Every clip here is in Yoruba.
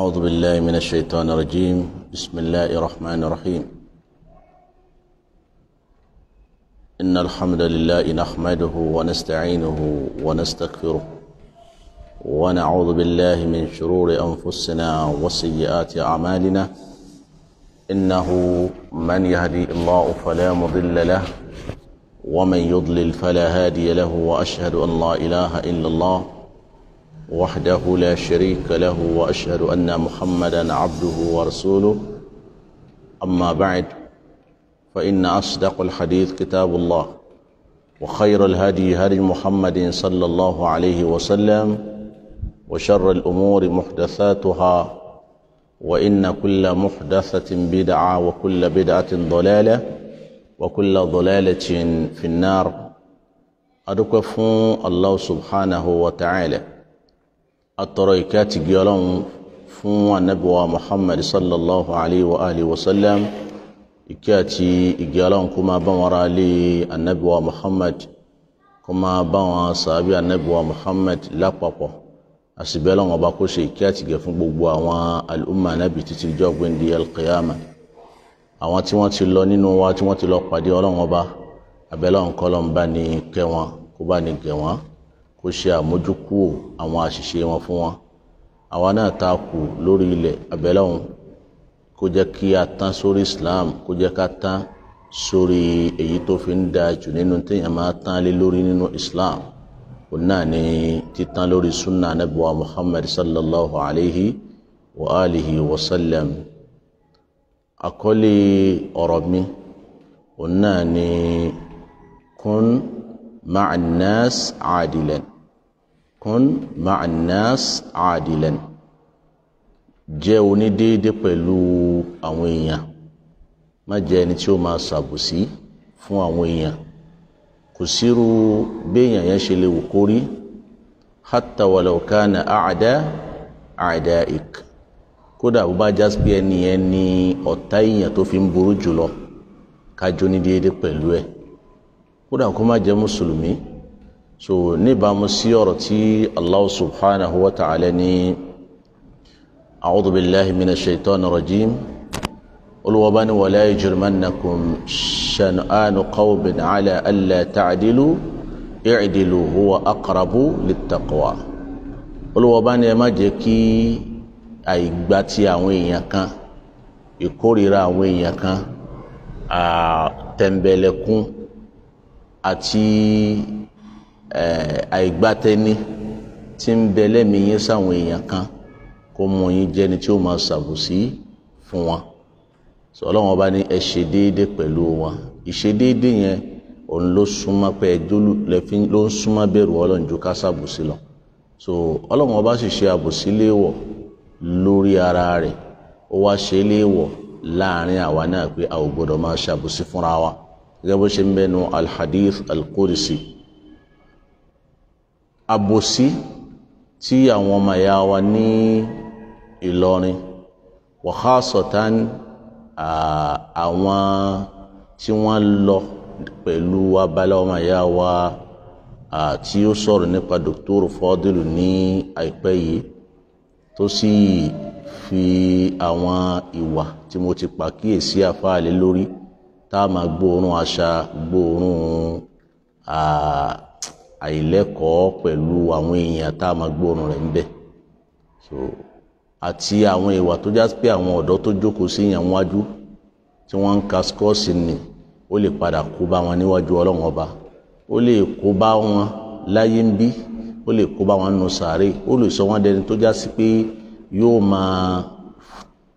أعوذ بالله من الشيطان الرجيم بسم الله الرحمن الرحيم إن الحمد لله نحمده ونستعينه ونستغفره ونعوذ بالله من شرور أنفسنا وسيئات أعمالنا إنه من يهدي الله فلا مضل له ومن يضلل فلا هادي له وأشهد أن لا إله إلا الله وحده لا شريك له واشهد ان محمدا عبده ورسوله اما بعد فان اصدق الحديث كتاب الله وخير الهدي هدي محمد صلى الله عليه وسلم وشر الامور محدثاتها وان كل محدثه بدعه وكل بدعه ضلاله وكل ضلاله في النار ادوك فون الله سبحانه وتعالى atọrọ ìkẹ́ àti gbé ọlọ́run fún anabiwa muhammad sallallahu alayhi wa alihi wa sallam ìkẹ́ àti ìgbé ọlọ́run kó máa bá wọn ra lé anabiwa muhammad kó máa bá wọn sàábì anabiwa muhammad lápapọ̀ àsìbẹ́ ọlọ́run ọba kó ṣe ìkẹ́ àti ìgẹ̀ fún gbogbo àwọn al'umma anabi títí jọ́ gbẹ́ndé alqiyama àwọn tí wọ́n ti lọ nínú wa tí wọ́n ti lọ pàdé ọlọ́run ọba abẹ́lẹ́ ọ̀nkọ́ ló ń bá ní kẹ́ wọn kó bá ní gẹ̀ wọ́n kó ṣe àmójúkúò àwọn àṣìṣe wọn fún wọn àwa náà ta kù lórí ilẹ̀ abẹ́lẹ́hùn kó jẹ́ kí a tán sórí Islam kó jẹ́ ká tán sórí èyí tó fi ń da jù nínú téèyàn máa tán lé lórí nínú Islam òun náà ni títán lórí sunna anabiwa Muhammad sallallahu alayhi wa alihi wa sallam àkọlé ọ̀rọ̀ mi òun náà ni kun ma'an nas adilan kun ma'anas adilan jẹ́ onídéédé pẹ̀lú àwọn èèyàn má jẹ́ ẹni tí ó máa ṣàbòsí fún àwọn èèyàn kò sírú béèyàn yẹn ṣe lè wò kórí hatta walau kana àdá àdá ik kódà bó bá jásí ẹni yẹn ni ọ̀tá èèyàn tó fi ń burú jùlọ kájọ ní pẹ̀lú ẹ̀ kódà kó má jẹ́ mùsùlùmí so níbàámu sí ọ̀rọ̀ tí allah subhanahu wa ta'ala ní a'udhu billahi minash shaitani rajim olùwọ́bá ni wala yajrimannakum shan'anu qawmin ala alla ta'dilu i'dilu huwa aqrabu littaqwa olùwọ́bá ni ẹ má jẹ́ kí àìgbà ti àwọn èèyàn kan ìkórìíra àwọn èèyàn kan tẹ̀m̀bẹ̀lẹ̀kún àti Eh, àìgbátẹni tí ń bẹ lẹ́mìí yín sáwọn èèyàn kan kó mú yín jẹ́ni tí ó máa ṣàbùsí fún wọn sọ ọlọ́wọ́n bá ní ẹ ṣe déédé pẹ̀lú wọn ìṣe déédé yẹn òun ló súnmọ́ pé ẹjọ́ ló ń súnmọ́ bẹ̀rù ọlọ́run ká ṣàbùsí lọ so ọlọ́wọ́n bá sì ṣe àbùsí léèwọ̀ lórí ara rẹ̀ ó wá ṣe léèwọ̀ láàrin àwa náà pé a máa ṣàbùsí fúnra wa gẹ́gẹ́ bó ṣe ń bẹnu alhadith alkurisi àbòsí tí àwọn ọmọ ìyá wa ní Ìlọrin wàhásọ̀tán àwọn tí wọ́n lọ pẹ̀lú abala ọmọ ìyá wa tí ó sọ̀rọ̀ nípa Dr. Fadilu ní àìpẹ́ yìí tó sì fi àwọn ìwà tí mo ti pàkíyèsí àfáàlẹ́ lórí tá a máa gbóòórùn àṣà gbóòórùn àà àìlẹ́kọ̀ọ́ pẹ̀lú àwọn èèyàn tá a máa gbóòórùn rẹ̀ ńbẹ̀ so àti àwọn ìwà tó já pé àwọn ọ̀dọ́ tó jókòó sí yàn wájú tí wọ́n ń ka skọ́ọ̀sì nì ó lè padà kó bá wọn níwájú ọlọ́run ọba ó lè kó bá wọn láyé ń bí ó lè kó bá wọn nù sàárè ó lè sọ wọn dẹni tó já sí pé yóò máa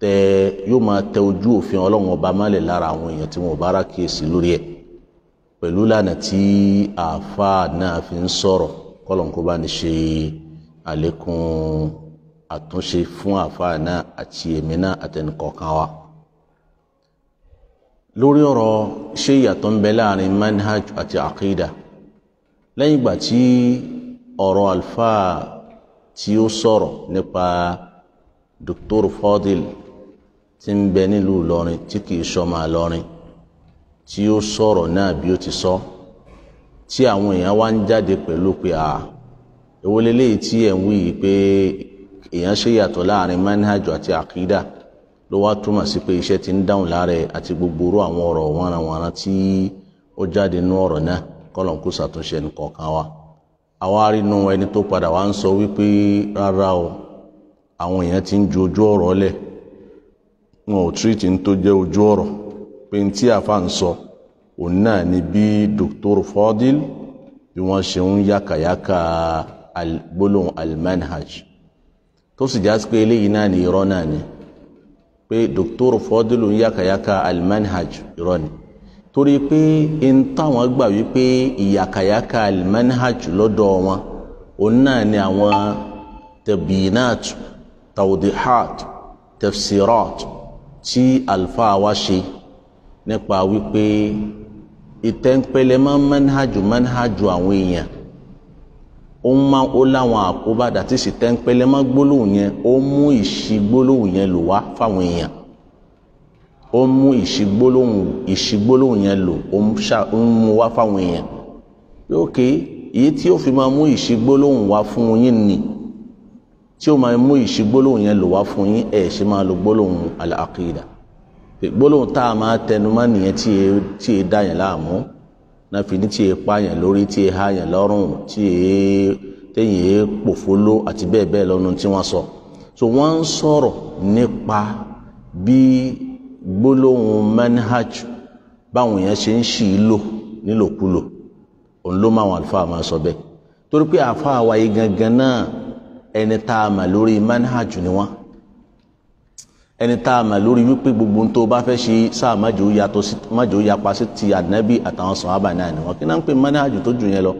tẹ ojú òfin ọlọ́run ọba mọ́lẹ̀ lára àwọn èèyàn tí wọn ò bá rákìyèsí lórí ẹ̀ pẹ̀lú lànà tí àáfà náà fi ń sọ̀rọ̀ kọ́lọ̀nkó bá ní ṣe àlékún àtúnṣe fún àáfà náà àti èmi náà àtẹnìkọ̀ọ̀kan wa. lórí ọ̀rọ̀ ṣé ìyàtọ̀ ń bẹ láàrin manhaj àti àkídà lẹ́yìn ìgbà tí ọ̀rọ̀ alfa tí ó sọ̀rọ̀ nípa Dr. Fadil tí ń bẹ nílùú Ìlọrin tí kì í ṣọmọ Ìlọrin tí ó sọ̀rọ̀ náà bí ó ti sọ tí àwọn èèyàn wá ń jáde pẹ̀lú pé a èwo leléyìí tí ẹ̀ ń wí yìí pé èèyàn ṣe yàtọ̀ láàrin manhaj àti àkídà ló wá túmọ̀ sí pé iṣẹ́ ti ń dáhùn láàrẹ̀ àti gbogbo orú àwọn ọ̀rọ̀ wọ́nranwọ̀nran tí ó jáde nú ọ̀rọ̀ náà kọ́lọ̀ ṣàtúnṣe nìkọ̀ọ̀kan wa àwa rí inú ẹni tó padà wá ń sọ wípé rárá o àwọn èèyàn ti ń ju ojú ọ̀rọ̀ lẹ̀ wọn ò tírìtì ń tó jẹ́ ojú ọ̀rọ̀ pé n tí àfa ń sọ òun náà ni bí Dr. Fadil bí wọ́n ṣe ń yàkàyàkà gbólóhùn almanhaj tó sì já sí pé eléyìí náà ni irọ́ náà ni pé Dr. Fadil ń yàkàyàkà almanhaj irọ́ ni torí pé n táwọn gbà wípé ìyàkàyàkà almanhaj lọ́dọ̀ wọn òun náà ni àwọn tabinat tawdihat tafsirat tí alfa wa ṣe nípa wípé ìtẹ́ńpẹ́lẹ́ máa ń manhajù manhajù àwọn èèyàn ó máa ó láwọn àkóbá dàtí sì tẹ́ńpẹ́lẹ́ máa gbólóhùn yẹn ó mú ìṣí gbólóhùn yẹn lò wá fáwọn èèyàn ó mú ìṣí gbólóhùn ìṣí gbólóhùn yẹn lò ó ń mú wá fáwọn èèyàn yóò ké èyí tí ó fi máa mú ìṣí gbólóhùn wá fún yín ni tí ó máa mú ìṣí gbólóhùn yẹn lò wá fún yín ẹ̀ ṣe máa lo gbólóhùn al gbólóhùn tá a máa tẹnumọ́ nìyẹn tí e tí e dá yẹn láàmú náà fi ní tí e pa yẹn lórí tí e há yẹn lọ́rùn tí e téyìn e pòfóló àti bẹ́ẹ̀ bẹ́ẹ̀ lọ́nu tí wọ́n sọ so wọ́n ń sọ̀rọ̀ nípa bí gbólóhùn manhaj báwọn yẹn ṣe ń ṣì í lò nílòkulò òun ló máa wọn àlùfáà máa sọ bẹ́ẹ̀ torí pé àfáà wáyé gangan náà ẹni tá a mà lórí manhaj ni wọ́n ẹni tá a mà lórí wípé gbogbo ohun tó o bá fẹ́ ṣe sáà májò yàtọ̀ sí májò yapa sí ti ànábì àtàwọn sàhábà náà ni wọn kí náà ń pè mánàjù tó jù yẹn lọ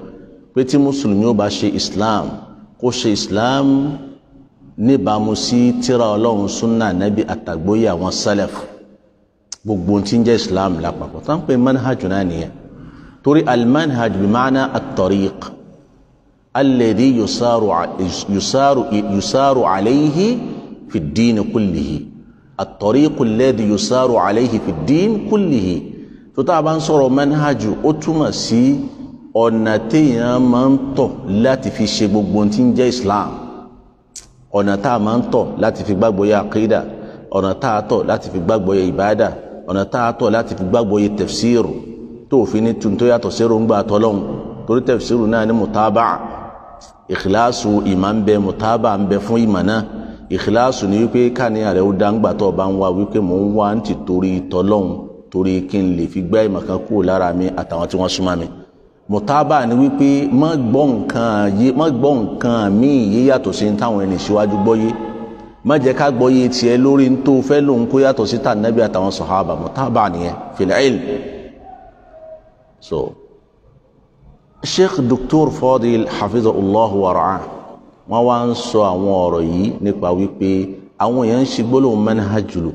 pé tí mùsùlùmí ó bá ṣe islam kó ṣe islam níbàámu sí tírà ọlọ́run súnà ànábì àtàgbóyè àwọn sálẹ̀f gbogbo ohun ń jẹ́ islam lápapọ̀ tá à ń pè mánàjù náà nìyẹn torí almanhaj bí ma'na at-tariq alladhi yusaru yusaru yusaru alayhi fi ad-din at-tariqu alladhi yusaru alayhi fi d-din kullihi tó tá a bá ń sọ̀rọ̀ manhajù ó túmọ̀ sí ọ̀nà téèyàn máa ń tọ̀ láti fi ṣe gbogbo ohun tí ń jẹ́ Islam ọ̀nà tá a máa ń tọ̀ láti fi gbàgbọ́ yẹ àkídà ọ̀nà tá a tọ̀ láti fi gbàgbọ́ yẹ ìbáàdà ọ̀nà tá a tọ̀ láti fi gbàgbọ́ yẹ tẹ̀fsíìrù tó òfin ní tuntun yàtọ̀ sẹ́rò ń gbà tọ́lọ́hún torí tẹ̀fsíìrù náà ní mùtábà ìkìláàsù ìmà ń bẹ mùtábà ń bẹ fún ìmà náà ìkìláàsù ni wípé káàníyàn rẹ̀ ó dáńgbà tó bá ń wá wípé mò ń wá ń ti torí tọlọ́hún torí kí n lè fi gbẹ́ ìmọ̀kan kúrò lára mi àtàwọn tí wọ́n súnmọ́ mi mọ̀tábà ni wípé má gbọ́ nǹkan míì yé yàtọ̀ sí ní táwọn ẹni síwájú gbọ́yé má jẹ́ ká gbọ́yé tiẹ̀ lórí ní tó fẹ́ lòun kó yàtọ̀ sí tànàbí àtàwọn sàhábà mọ̀tábà nìyẹn fìlẹ́ẹ̀lì so sheikh dr fadil hafizahullah wa ra'ah wọ́n wá ń sọ àwọn ọ̀rọ̀ yìí nípa wípé àwọn èèyàn ń ṣe gbólóhùn manhajulu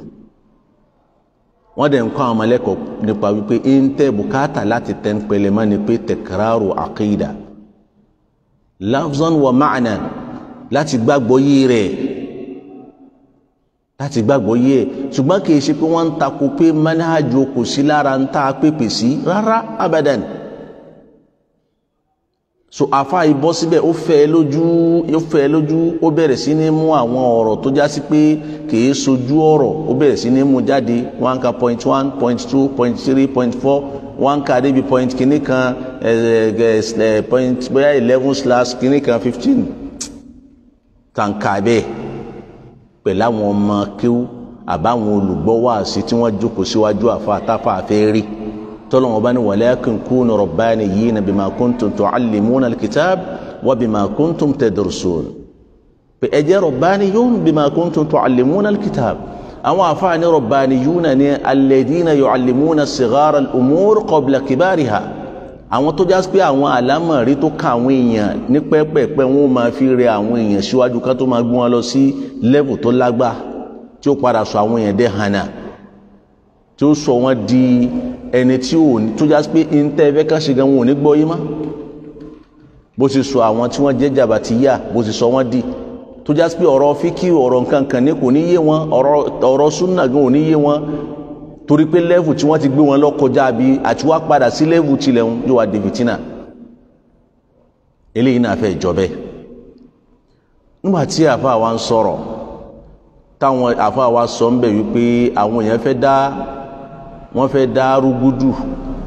wọ́n dẹ̀ ń kọ́ àwọn ọmọlẹ́kọ̀ọ́ nípa wípé ń tẹ́ bùkátà láti tẹ́ńpẹ́lẹ́ mọ́ ni pé tẹ̀kárò àkéyìdá lafzan wa maana, láti gbàgbọ́ yí rẹ̀ láti gbàgbọ́ yí ẹ̀ ṣùgbọ́n kì í ṣe pé wọ́n ń takò pé manhajù kò sí lára ń ta pépè sí rárá abadan so afa ibọ síbẹ̀ ó fẹ́ lójú ó fẹ́ lójú ó bẹ̀rẹ̀ sí ní mú àwọn ọ̀rọ̀ tó já sí pé kìí sojú ọ̀rọ̀ ó bẹ̀rẹ̀ sí ní mú jáde one ka point one point two point three point four one ka débi point kìíní kan point bóyá eleven slash kìíní kan fifteen tàǹkà bẹ́ẹ̀ pẹ̀lú àwọn ọmọ kíw àbáwọn olùgbọ́ wàásí tí wọ́n jókòó síwájú àfa àtàfà fẹ́ tọ́lọ̀ wọn bá ní walakin kunu rabbaniyina bima kuntum tuallimuna alkitab wa bima kuntum tadrusun pé ẹ jẹ́ rabbaniyun bima kuntum tuallimuna alkitab àwọn àfáàní rabbaniyuna ní alladhina yuallimuna sighara al-umur qabla kibariha àwọn tó jásí pé àwọn àlámọ̀rí tó ka àwọn èèyàn ní pẹ́pẹ́pẹ́ wọn ó máa fi rẹ àwọn èèyàn síwájú ká tó máa gbé lọ sí lẹ́bù tó lágbá tí ó padà sọ àwọn èèyàn dé hànà tí ó sọ wọn di ẹni tí ò ní tó já pé ntẹ́ ẹ̀fẹ́ kan ṣe gan wọn ò ní gbọ́ yé mọ́ bó ti sọ àwọn tí wọ́n jẹ́ jàbàtìyà bó ti sọ wọ́n di tó já pé ọ̀rọ̀ fíkì ọ̀rọ̀ nǹkan kan ní kò ní yé wọn ọ̀rọ̀ súnà gan ò ní yé wọn torí pé lẹ́fù tí wọ́n ti gbé wọn lọ kọjá bí àti wá padà sí lẹ́fù tilẹ̀ ń yóò wá dèbìtì náà eléyìí náà fẹ́ jọ nígbà tí àfa wa ń sọ̀rọ̀ táwọn àfa wa sọ ń bẹ̀ wípé àwọn èèyàn fẹ́ dá wọ́n fẹ́ dárúgúdù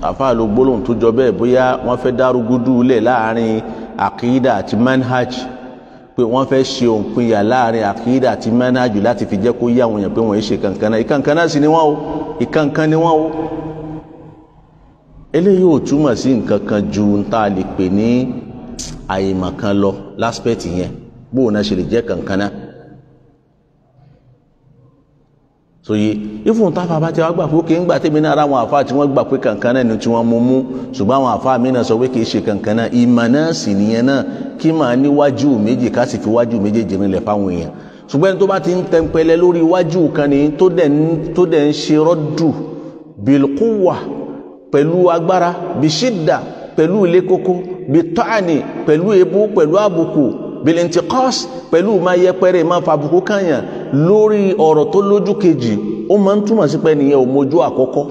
àfáà ló gbólóhùn tó jọ bẹ́ẹ̀ bóyá wọ́n fẹ́ dárúgúdù lẹ̀ láàrin àkídà àti manhaj pé wọ́n fẹ́ ṣe òǹpinya láàrin àkídà àti manhaj láti fi jẹ́ kó yá àwọn èèyàn pé wọ́n ń ṣe kankan náà sì ni wọ́n o ìkankan ni wọ́n o eléyìí ò túmọ̀ sí nǹkan ju n lè pè ní àyèmọ̀ kan lọ láspẹ̀tì yẹn bóun náà ṣe lè jẹ́ kankan so yé ifun táfà bá ti wá gbà pé kì í gbà tèmi náà ara àwọn àfa tí wọ́n gbà pé kankan náà ni tí wọ́n mú mú ṣùgbọ́n àwọn àfa mi náà sọ pé kì í ṣe kankan náà ìmọ̀ náà sì nìyẹn náà kí màá níwájú méjì ká sì fi wájú méjèèjì rinlẹ̀ fáwọn èèyàn ṣùgbọ́n tó bá ti ń tẹnpẹlẹ lórí iwájú kan ní tó dẹ̀ ń ṣe rọ́dù bilkuwa pẹ̀lú agbára bishidda pẹ̀lú ilé kókó bitọ́àní bilintikọ́s pẹ̀lú máa yẹpẹrẹ máa fàbùkù kàyàn lórí ọ̀rọ̀ tó lójú kejì ó máa ń túmọ̀ sí pé ẹnìyẹn ò mojú àkọ́kọ́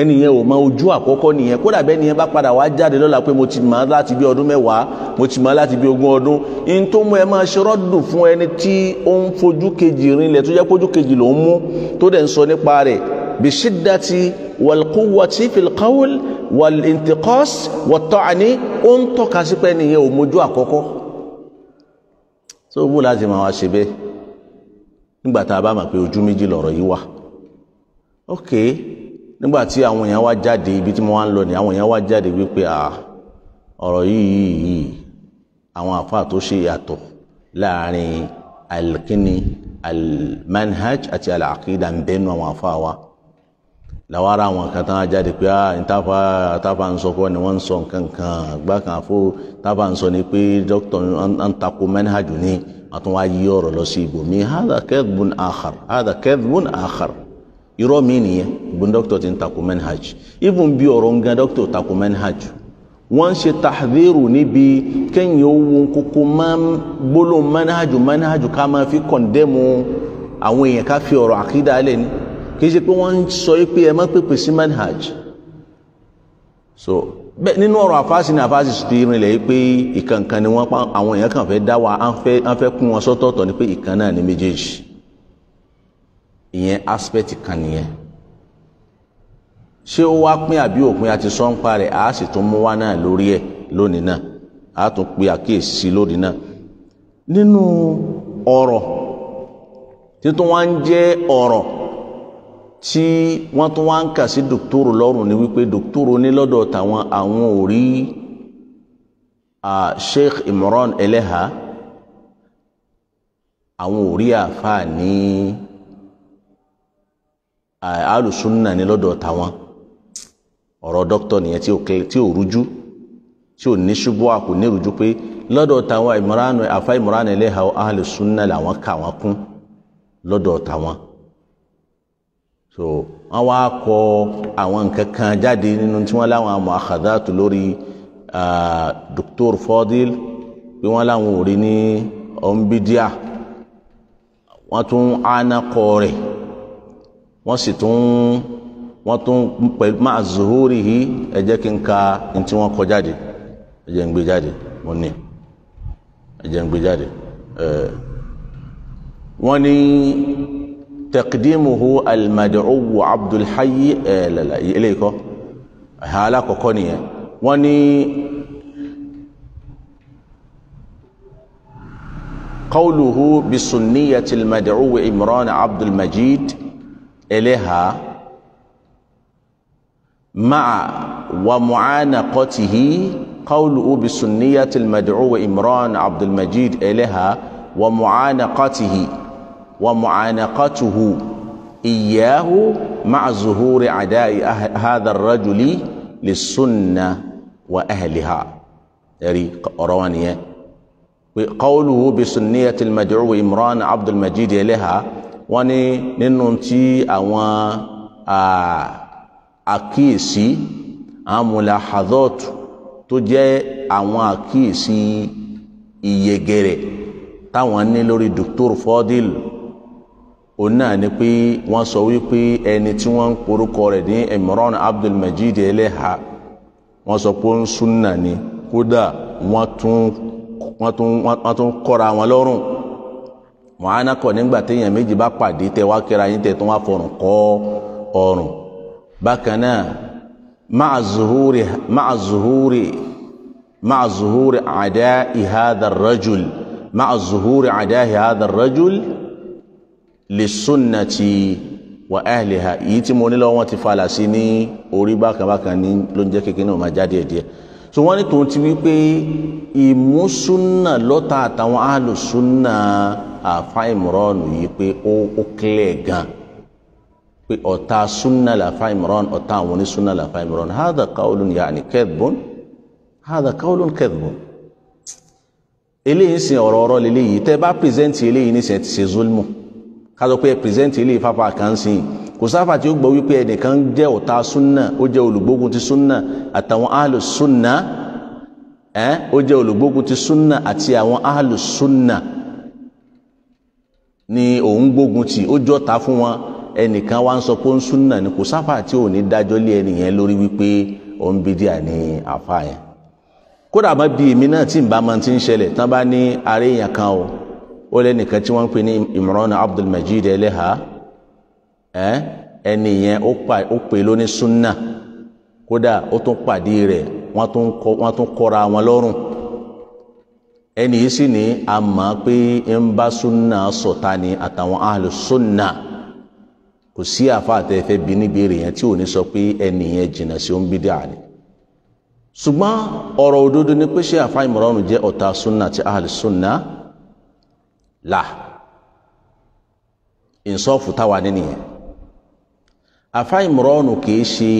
ẹnìyẹn ò mọ ojú àkọ́kọ́ nìyẹn kódà bẹ́ẹ̀ nìyẹn bá padà wá jáde lọ́la pé mo ti mọ̀ á láti bí ọdún mẹ́wàá mo ti mọ̀ á láti bí ogún ọdún in tó mú ẹ máa ṣe rọ́dù fún ẹni tí ó ń fojú kejì rinlẹ̀ tó jẹ́ pójú kejì ló ń mú tó dẹ̀ ń sọ nípa rẹ̀ bishiddati walquwwati fil qawl walintiqas watta'ni ó ń tọ́ka sí pé ẹnìyẹn ò mojú àkọ́kọ́ tó wù láti máa wá ṣe bẹ́ẹ̀ nígbà tá a bá mọ̀ pé ojú méjì lọ̀rọ̀ yìí wà ok nígbà tí àwọn èèyàn wá jáde ibi tí mo wá ń lọ ni àwọn èèyàn wá jáde wípé à ọ̀rọ̀ yìí yìí àwọn àfáà tó ṣe yàtọ̀ láàrin alkini almanhaj àti alakida ń bẹ́nu àwọn àfáà wa làwọn ará àwọn kan tán á jáde pé ah ntafa ntafa ń sọ kọ́ ni wọ́n ń sọ nǹkan kan àgbà kan àfọ ntafa ń sọ ni pé dókítà ń takò mẹ́nhàjù ni àtún wá yí ọ̀rọ̀ lọ sí ibòmí hádà kẹ́dùbùn àkàr hádà kẹ́dùbùn àkàr irọ́ mi nìyẹn ìbùn dókítà ti ń takò mẹ́nhàjù ìbùn bí ọ̀rọ̀ ń gan dókítà takò mẹ́nhàjù wọ́n ṣe tahdhiru níbi kẹ́yìn owó kókó máa ń gbólóhùn mẹ́nhàjù mẹ́nhàjù ká máa fi kọ̀ndẹ́mu àwọn èèyàn ká fi ọ̀rọ̀ àkídà lẹ́ni kì í ṣe pé wọ́n ń sọ pé ẹ má pèpè sí manhaj so bẹ́ẹ̀ nínú ọ̀rọ̀ àfáàsì ni àfáàsì ti rinlẹ̀ pé ìkànkan ni wọ́n pa àwọn èèyàn kàn fẹ́ dá wa á fẹ́ kún wọn sọ́tọ̀ọ̀tọ̀ ni pé ìkan náà ni méjèèjì ìyẹn aspect kan nìyẹn ṣé ó wá pín àbí òpin àti sọ́ńpa rẹ̀ àá sì tún mú wá náà lórí ẹ̀ lónìí náà àá tún pe àkíyèsí sí lónìí náà nínú ọ̀rọ̀ títún wá ń jẹ́ ọ̀rọ̀ tí wọ́n tún wá ń kà sí dòktóró lọ́rùn ni wípé dòktóró ní lọ́dọ̀ tàwọn àwọn ò Sheikh Imran Eleha àwọn ò rí àáfàá ní alùsùnà ní lọ́dọ̀ tàwọn ọ̀rọ̀ dókítọ̀ nìyẹn tí ò rújú tí ò ní ṣubú àkò ní rújú pé lọ́dọ̀ tàwọn Imran àfa Imran Eleha alùsùnà làwọn kà wọ́n kún lọ́dọ̀ tàwọn so wọn wá kọ àwọn nǹkan kan jáde nínú tí wọn láwọn àmọ àkàdátù lórí Dr. Fadil bí wọn láwọn ò rí ní ọmọbídíà wọn tún ánakọ rẹ wọn sì tún wọn tún pẹ̀lú máa zuhuri yìí ẹ jẹ́ kí n ka ntí wọn kọ jáde ẹ jẹ́ n gbé jáde mo ní ẹ jẹ́ n gbé jáde ẹ wọn ní. تقديمه المدعو عبد الحي آه، لا لا إليه كو هالا وني قوله بسنية المدعو عمران عبد المجيد إليها مع ومعانقته قوله بسنية المدعو عمران عبد المجيد إليها ومعانقته wa mu'anaqatuhu iyyahu ma'a zuhuri ada'i ah-, hadha ar-rajuli lis-sunnah wa ahliha ẹ̀rí ọ̀rọ̀ wọn nìyẹn pé qawluhu bi sunniyati al-mad'u imran abdul majid ilaha wọn ní nínú tí àwọn àkíyèsí àwọn iyegere táwọn ní lórí dr fọdílù òun náà ni pé wọ́n sọ wípé ẹni tí wọ́n ń porúkọ rẹ̀ ní Imran Abdul Majid Eleha wọ́n sọ pé ó ń súnà ni kódà wọ́n tún wọ́n tún wọ́n tún kọ́ra wọn lọ́rùn wọ́n á nàkọ nígbà téèyàn méjì bá pàdé tẹ wá kíra yín tẹ tó wá fọrùn kọ ọrùn bákan náà ma'a zuhuri ma'a zuhuri ma'a zuhuri ada'i hadha rajul ma'a zuhuri ada'i hadha rajul li sunnati wa ahliha èyí tí mo ní lọ́wọ́ wọn ti falà sí ní orí bákàbákan ní ló ń jẹ́ kékeré náà máa jáde díẹ̀ so wọ́n ní tòun ti wípé ìmúsúnà lọ́ta àtàwọn àlùsúnà àfa ìmọ̀rọ́ọ̀nù yìí pé ó kílẹ̀ gan pé ọ̀tá súnà làfa ìmọ̀rọ́ọ̀nù ọ̀tá àwọn onísúnà làfa ìmọ̀rọ́ọ̀nù hádà káwọlùn yàní kẹ́dùbọ́n hádà káwọlùn kẹ́dùbọ́n eléyìí sìn ọ̀rọ̀ ọ̀rọ̀ lélẹ́yìí tẹ́ bá pírẹ́sẹ̀ntì eléyìí ní sẹ́ẹ̀ ti ká sọ pé ẹ pírẹsẹ̀ntì ilé ìfapá kan sí i kò sáfà tí ó gbọ́ wípé ẹnìkan jẹ́ ọ̀tá súnà ó jẹ́ olùgbógun ti súnà àtàwọn ahlu súnà ẹ ó jẹ́ olùgbógun ti súnà àti àwọn ahlu súnà ni òun gbógun tì ó jọta fún wọn ẹnìkan wá ń sọ pé ó ń súnà ni kò sáfà tí ò ní dájọ́ lé ẹnìyẹn lórí wípé ó ń bídíà ní àfa yẹn kódà má bí èmi náà tí n bá máa ti ń ṣẹlẹ̀ tán bá ní aréyàn kan o. o lé nìkan tí wọ́n ń pè ní Imran Abdul Eleha ẹni yẹn ó pè lóní sunna kódà ó tún pàdé rẹ̀ wọ́n tún kọ́ra wọn lọ́rùn ẹni yìí sì ní a mọ̀ pé ń bá sunna sọ̀tà ni àtàwọn ahlu sunna kò sí àfa bi bí níbèrè yẹn tí ò ní sọ pé ẹni yẹn jìnnà sí òun bídíà ni ṣùgbọ́n ọ̀rọ̀ òdodo ni pé ṣé jẹ́ ọ̀tá sunna ti ahlu sunna. là ìsọ́ọ̀fù táwa nínìyẹn afáìmùrọ́ọ̀nù kìí ṣe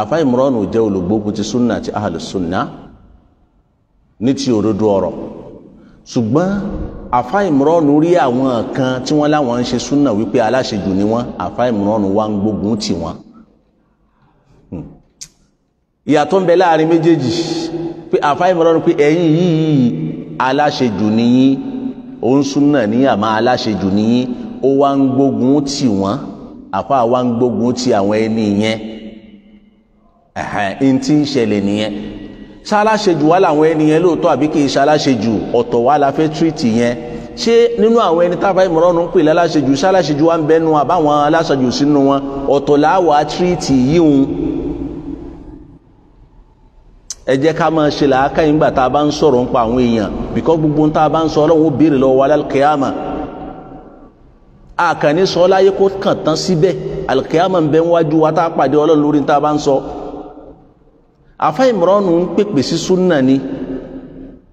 afáìmùrọ́ọ̀nù jẹ́ olùgbógun ti sunna ti ahlu sunna ní ti òdodo ọ̀rọ̀ ṣùgbọ́n afáìmùrọ́ọ̀nù rí àwọn kan tí wọ́n láwọn ń ṣe sunna wípé aláṣejù ni wọ́n afáìmùrọ́ọ̀nù wá ń gbógun tì wọ́n hmm. ìyàtọ̀ ń bẹ láàrin méjèèjì pé àfáìmọ̀rọ̀ ni pé ẹ̀yin yìí aláṣejù nìyí òun súnà ní àmọ́ aláṣejù nìyí ó wá ń gbógun tì wọ́n àfa wa ń gbógun ti àwọn ẹni yẹn ẹ̀hẹ́n tí ń ṣẹlẹ̀ nìyẹn ṣaláṣejù wà láwọn ẹni yẹn lóòótọ́ àbí kì í ṣaláṣejù ọ̀tọ̀ wà la fẹ́ tírìtì yẹn ṣé nínú àwọn ẹni tá a bá ìmọ̀ràn ń pè láláṣejù ṣaláṣejù wa ń bẹ́nu àbáwọn aláṣejù sínú wọn ọ̀tọ̀ làá wà tírìtì yíhun ẹ jẹ́ ká máa ṣe làákà yín gbà tá a bá ń sọ̀rọ̀ ń pa àwọn èèyàn bìkọ́ gbogbo tá a bá ń sọ ọlọ́run ó béèrè lọ́wọ́ alákìyàmà àkànní sọ láyé kó kàn tán síbẹ̀ alákìyàmà ń bẹ wájú wa tá a pàdé ọlọ́run lórí tá a bá ń sọ. àfa ń pèpè sí súnà ni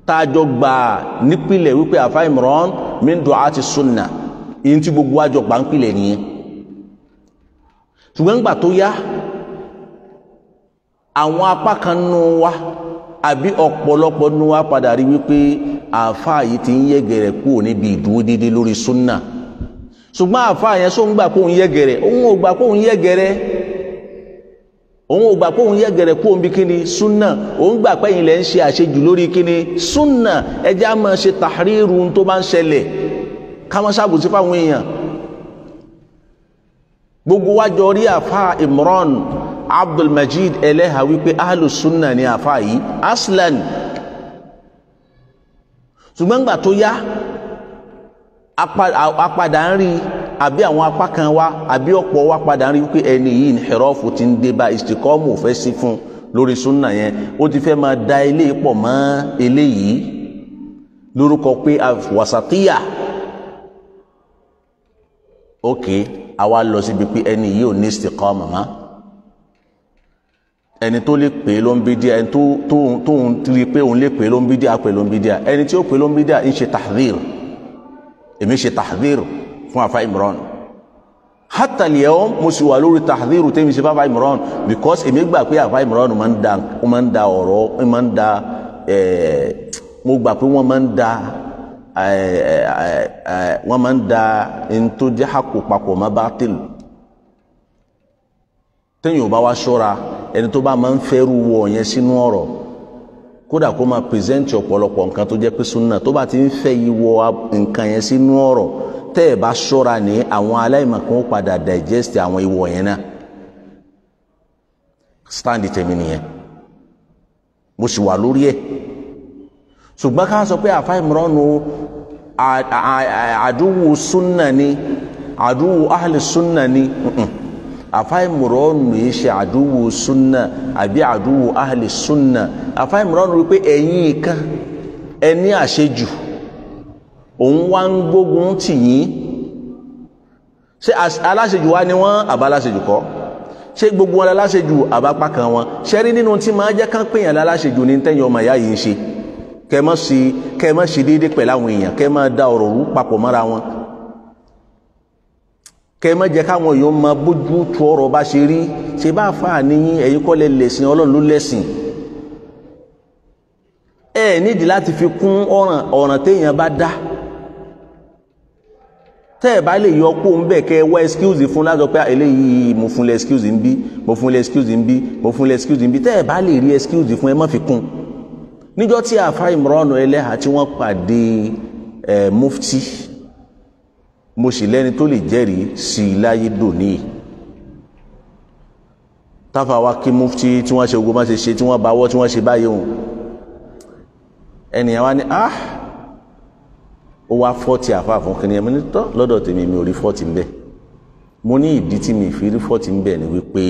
tá a jọ gbà nípìnlẹ̀ wípé àfa mi ń dùn á ti súnà ìyẹn tí gbogbo wa gbà ń pìlẹ̀ nìyẹn ṣùgbọ́n gbà àwọn apá kan nù wa àbí ọ̀pọ̀lọpọ̀ nù wa padà rí wípé àáfàá yìí ti ń yẹ̀gẹ̀rẹ̀ kúrò níbi ìdúró dédé lórí súnà ṣùgbọ́n àáfàá yẹn sóun gbà kóun yẹ̀gẹ̀rẹ̀ òun ò gbà kóun yẹ̀gẹ̀rẹ̀ òun ò gbà pé òun yẹgẹrẹ kó òun bí kíni súnà òun gbà pé ìyìnlẹ̀ ń ṣe àṣejù lórí kíni súnà ẹjẹ́ máa ṣe tàhírù tó bá ń ṣẹlẹ̀ káwọn ṣàbùsí fáwọn èèyàn gbogbo wa rí àfa Imran abdulmajid ẹlẹ́hà wípé ahlùsúnà ni àfa yìí aslan ṣùgbọ́n gbà tó yá apadà ń rí àbí àwọn apá kan wa àbí ọ̀pọ̀ wa padà ń rí wípé ẹni yìí inhirafu ti ń dé bá istikọ́mù fẹ́ sí fún lórí súnà yẹn ó ti fẹ́ máa da ilé pọ̀ mọ́ eléyìí lórúkọ pé wàsàkíyà ok àwa lọ síbi pé ẹni yìí ò ní istikọ́mù mọ́ ẹni tó lè pè é ló ń bí díà ẹni tó ń rí pé òun lè pè é ló ń bí díà pè ló ń bí díà ẹni tí ó pè ló ń bí díà ń ṣe tahdhir èmi ṣe tahdhir fún afa Imran hatta al mo sì wà lórí tahdhir tẹ́mi ṣe fáfa Imran because èmi gbà pé afa Imran máa ń da ó máa ń da ọ̀rọ̀ ó máa ń da mo gbà pé wọ́n máa ń da wọ́n máa ń da ntòjá papọ̀ má bá tèlù tẹ́yìn ò bá wá ṣọ́ra ẹni tó bá máa ń fẹ́rù wọ yẹn sínú ọ̀rọ̀ kódà kó máa pèsèǹtì ọ̀pọ̀lọpọ̀ nǹkan tó jẹ́ pé súnà tó bá ti ń fẹ́ yí wọ nǹkan yẹn sínú ọ̀rọ̀ tẹ́ ẹ̀ bá ṣọ́ra ní àwọn aláìmọ̀kan ó padà digest àwọn ìwọ̀ yẹn náà stand tèmi nìyẹn mo sì wà lórí ẹ̀ ṣùgbọ́n ká sọ pé àfa ìmọ̀ràn àdúwò súnà ni àdúwò ahli súnà ni. Mm -mm. Afae mọ̀rọ̀ nù yìí ṣe àdúwò súnà àbí àdúwò ahli súnà afai mọ̀rọ̀ nù wípé ẹ̀yin kan ẹni àṣejù òun wá ń gbógun tì yín ṣé aláṣejù wá ni wọ́n àbá aláṣejù kọ́ ṣé gbogbo wọn láláṣejù àbápá kan wọn ṣe rí nínú tí máa jẹ́ kán péyàn láláṣejù ní tẹ́yìn ọmọ ìyá yìí ń ṣe kẹ́ má ṣe déédéé pẹ̀lú àwọn èèyàn kẹ́ má da ọ̀rọ̀ rú papọ̀ mọ́ra wọn kẹ má jẹ́ káwọn èèyàn máa bójú tu ọ̀rọ̀ bá ṣe rí ṣe bá fà á níyìn ẹ̀yin kọ́ lẹ lẹ̀sìn ọlọ́run ló lẹ̀sìn ẹ nídìí láti fi kún ọ̀ràn ọ̀ràn téèyàn bá dá tẹ́ ẹ̀ bá lè yọ kó ń bẹ̀ kẹ́ ẹ wá excuse fún lájọ pé eléyìí mo fún lẹ excuse ń bí mo fún lẹ excuse ń bí mo fún lẹ excuse ń bí tẹ́ ẹ̀ bá lè rí excuse fún ẹ má fi kún níjọ́ tí àfa Imran Eleha tí wọ́n pàdé ẹ̀ mufti mo sì lẹ́ni tó lè jẹ́rìí sí i láyé dòní táfà wa kí mufti tí wọ́n ṣe ogun bá ṣe ṣe tí wọ́n bawọ́ tí wọ́n ṣe báyìí òun ẹnìyàn wa ni ah ó wá fọ́ọ̀tì àfa fún kìnìyàn mi ní tọ́ lọ́dọ̀ tèmi mi ò rí fọ́ọ̀tì ńbẹ mo ní ìdí tí mi fi rí fọ́ọ̀tì ńbẹ ni wípé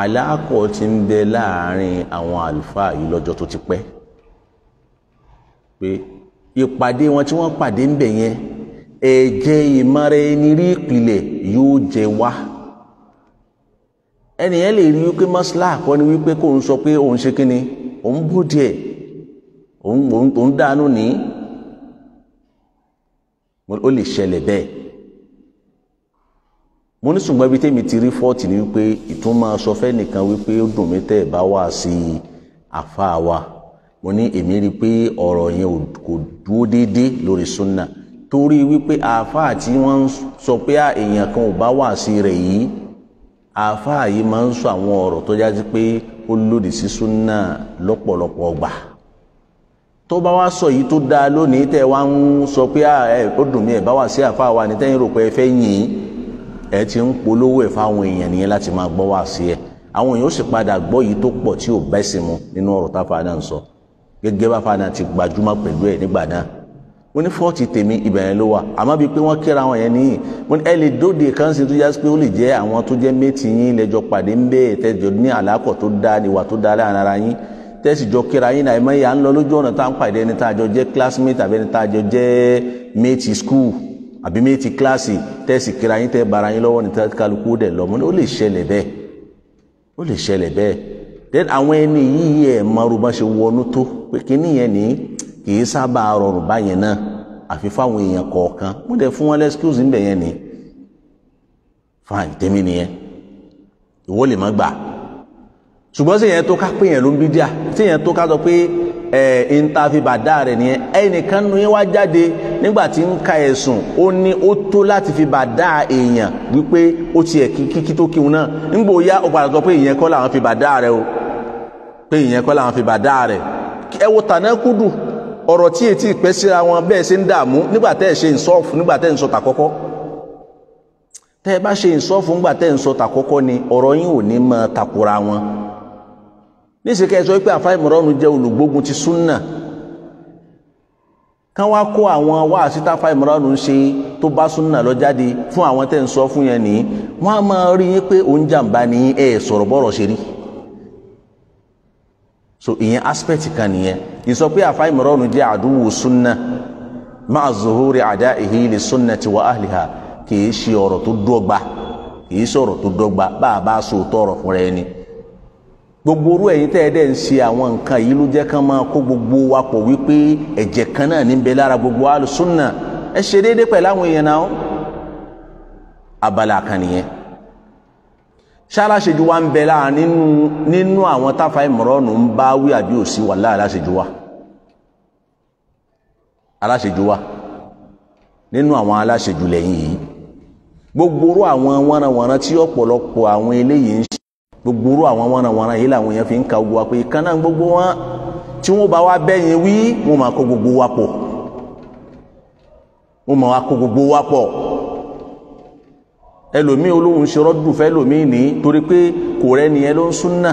aláàkọ̀ ti ń bẹ láàrin àwọn àlùfáà yìí lọ́jọ́ tó ti pẹ́ pé ìpàdé wọn tí wọ́n pàdé ńbẹ yẹn ẹ̀jẹ̀ ìmọ̀ra ẹni rí ìpìlẹ̀ yóò jẹ wá ẹnìyẹn lè rí wípé mọ́sálà àkọ́ ni wípé kò ń sọ pé òun ṣe kí ni òun bó díẹ̀ òun dànù ní ó lè ṣẹlẹ̀ bẹ́ẹ̀ mo ní ṣùgbọ́n ibi tẹ́mi ti rí fọ́ọ̀tì ni wípé ìtúmọ̀ sọ fẹ́ nìkan wípé ó dùn mí tẹ́ ẹ̀ bá wà sí àfa wa mo ní èmi rí i pé ọ̀rọ̀ yẹn kò dúró déédéé lórí súnà torí wípé àáfàá tí wọ́n ń sọ pé èèyàn kan ò bá wà sí rẹ̀ yìí àáfàá yìí máa ń sọ àwọn ọ̀rọ̀ tó jáde pé ó lòdì sí súnà lọ́pọ̀lọpọ̀ ọgbà tó bá wá sọ yìí tó dáa lónìí tẹ́ wá ń sọ pé ó dùn mí ẹ̀ bá wà sí àáfàá wa ni tẹ́yìn rò pé ẹ fẹ́ yìn ẹ ti ń polówó ẹ̀ fáwọn èèyàn nìyẹn láti máa gbọ́ wá sí ẹ àwọn èèyàn ó sì padà gbọ́ yìí tó pọ̀ tí ò bẹ́sìn mu nínú ọ̀rọ̀ táfà náà ń sọ gẹ́gẹ́ bá fà náà ti gbajúmọ̀ pẹ̀lú ẹ̀ nígbà náà ó ní fọ́ọ̀tì tèmi ìbẹ̀rẹ̀ ló wà àmọ́ bíi pé wọ́n kíra wọn yẹn níyìn mo ní ẹ lè dóde kan sí tó jásí pé ó lè jẹ́ àwọn tó jẹ́ méjì yín lẹ́jọ́ pàdé ń bẹ́ẹ̀ tẹ́jọ́ ní àlákọ̀ tó dá ìwà tó dá láàrin ara yín tẹ́sí jọ kíra yín náà ẹ̀ mọ́ ń lọ lójú ọ̀nà tá à ń pàdé ẹni tá a jọ jẹ́ classmate àbí ẹni tá a jọ jẹ́ méjì school àbí méjì kíláàsì tẹ́sí kíra yín tẹ́ bara yín lọ́wọ́ ní kálukú dẹ̀ lọ mo ní ó lè ṣẹlẹ̀ bẹ́ẹ̀ ó then àwọn ẹni yìí ẹ̀ mọ́rú wọnú tó pé kíní yẹn nìyí kì í sábà rọrùn báyẹn náà àfi fáwọn èèyàn kọ̀ọ̀kan mo dẹ̀ fún wọn lẹ́skúùsì ń bẹ̀ yẹn ni fáìn tèmi nìyẹn ìwọ lè má gbà ṣùgbọ́n sí yẹn tó ká pé yẹn ló ń bí díà sí yẹn tó ká sọ pé ẹ ntàfibàdá rẹ̀ nìyẹn ẹnìkan nu yẹn wá jáde nígbà tí ń ka ẹ̀sùn ó ní ó tó láti fi bàdá èèyàn wípé ó tiẹ̀ kíkí tó kíun náà ńgbò ya ó padà sọ pé ìyẹn kọ́ làwọn fi bàdá rẹ̀ o pé ìyẹn kọ́ làwọn fi bàdá rẹ̀ ẹ wo tànákùdù ọ̀rọ̀ tí etí ìpẹ́ síra wọn bẹ́ẹ̀ ṣe ń dààmú nígbà tẹ́ ẹ̀ ṣe ìsọ́ọ̀fù nígbà ń sọ tàkọ́kọ́ tẹ́ ẹ bá ṣe ìsọ́ọ̀fù nígbà ń sọ tàkọ́kọ́ ni ọ̀rọ̀ yín ò ní máa takora wọn níṣẹ́ kẹ́ ẹ sọ pé àfa ìmọ̀ràn jẹ́ olùgbógun ti súnà kán wá kó àwọn wáàsí táfa ìmọ̀ràn ń ṣe tó bá súnà lọ jáde fún àwọn tẹ́ ń sọ fún yẹn nìyí wọ́n á máa rí yín pé òun jàǹbá ni ẹ̀ sọ̀rọ̀ bọ́rọ̀ ṣe rí so ìyẹn aspect kan nìyẹn ìsọpé àfa ìmọ̀ràn jẹ́ àdúwò súnà máa zuhuri àdá ìhìlì súnà tiwa ahliha kìí ṣe ọ̀rọ̀ tó dọ́gba kìí ṣe ọ̀rọ̀ tó dọ́gba bá a bá so tọrọ fúnra ẹni gbogbo orú ẹ̀yin tẹ́ ẹ dẹ́ ń ṣe àwọn nǹkan yìí ló jẹ́ kán máa kó gbogbo wa pọ̀ wípé ẹ̀jẹ̀ kan náà ní lára gbogbo alùsùnà ẹ ṣe déédéé pẹ̀lú àwọn èèyàn náà abala kan nìyẹn ṣáláṣejù wa ń bẹ láàrin nínú àwọn táfà ìmọ̀rọ̀nù ń bá wí àbí òsì wà láà aláṣejù wa aláṣejù wa nínú àwọn aláṣejù lẹ́yìn yìí gbogbo orú àwọn wọnranwọnran tí ọ̀pọ̀lọpọ̀ àwọn eléyìí ń ṣe gbogbo orú àwọn wọnranwọnran yìí làwọn èèyàn fi ń ka gbogbo wa pé ìkànnà gbogbo wọn tí wọ́n bá wá bẹ́yìn wí wọ́n máa kó gbogbo wa pọ̀ wọ́n máa kó gbogbo wa pọ̀ ẹlòmíì olóhùn ṣe rọ́dù fẹ́ ẹlòmíì ní torí pé kò rẹ́ nìyẹn ló ń súnà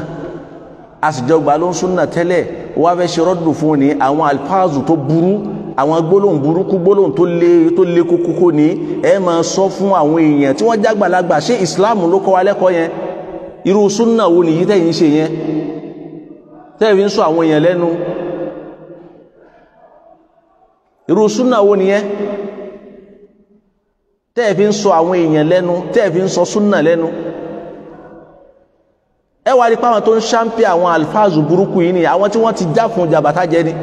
àṣìjọgba ló ń súnà tẹ́lẹ̀ wá fẹ́ ṣe rọ́dù fún ni àwọn alifáàzù tó burú àwọn gbólóhùn burúkú gbólóhùn tó le tó le kókókó ni ẹ máa sọ fún àwọn èèyàn tí wọ́n jágbàlagbà ṣé ìsìláàmù ló kọ́ wa lẹ́kọ̀ọ́ yẹn irú súnà wo nìyí tẹ́yìn ṣe yẹn tẹ́yìn sọ àwọn èèyàn lẹ́nu irú súnà wo nìyẹn tẹ́ẹ̀ fi ń sọ àwọn èèyàn lẹ́nu tẹ́ẹ̀ fi ń sọ súnà lẹ́nu ẹ wá rí pé àwọn tó ń ṣàǹpì àwọn alifáàzù burúkú yìí ni àwọn tí wọ́n ti já fún jẹ ni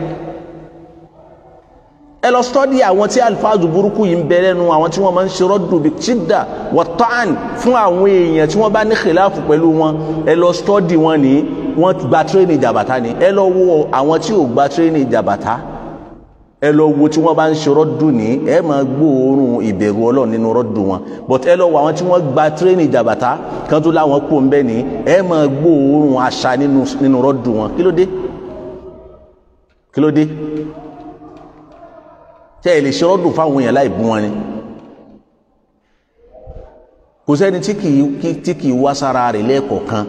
ẹ lọ sọ́dí àwọn tí alifáàzù burúkú yìí ń bẹ lẹ́nu àwọn tí wọ́n máa ń ṣe rọ́dù bí chidda wọ́tán fún àwọn èèyàn tí wọ́n bá ní khilaafu pẹ̀lú wọn ẹ lọ sọ́dí wọn ni wọ́n gba tírénì jàbátá ni ẹ lọ wo àwọn tí ò gba tírénì jàbátá ẹ lọ wo tí wọ́n bá ń ṣe rọdùn ní ẹ máa gbóòórùn ìbẹ̀rù Ọlọ́run nínú rọdùn wọn but ẹ lọ wo àwọn tí wọ́n gba tírénì jàbàtà kan tó láwọn pò ń bẹ ní ẹ máa gbóòórùn àṣà nínú rọdùn wọn kí ló dé kí ló dé tẹ ẹ lè ṣe rọdùn fáwọn èèyàn láì bú wọn ni kò sẹ́ni tí kì í wá sára rẹ̀ lẹ́ẹ̀kọ̀ọ̀kan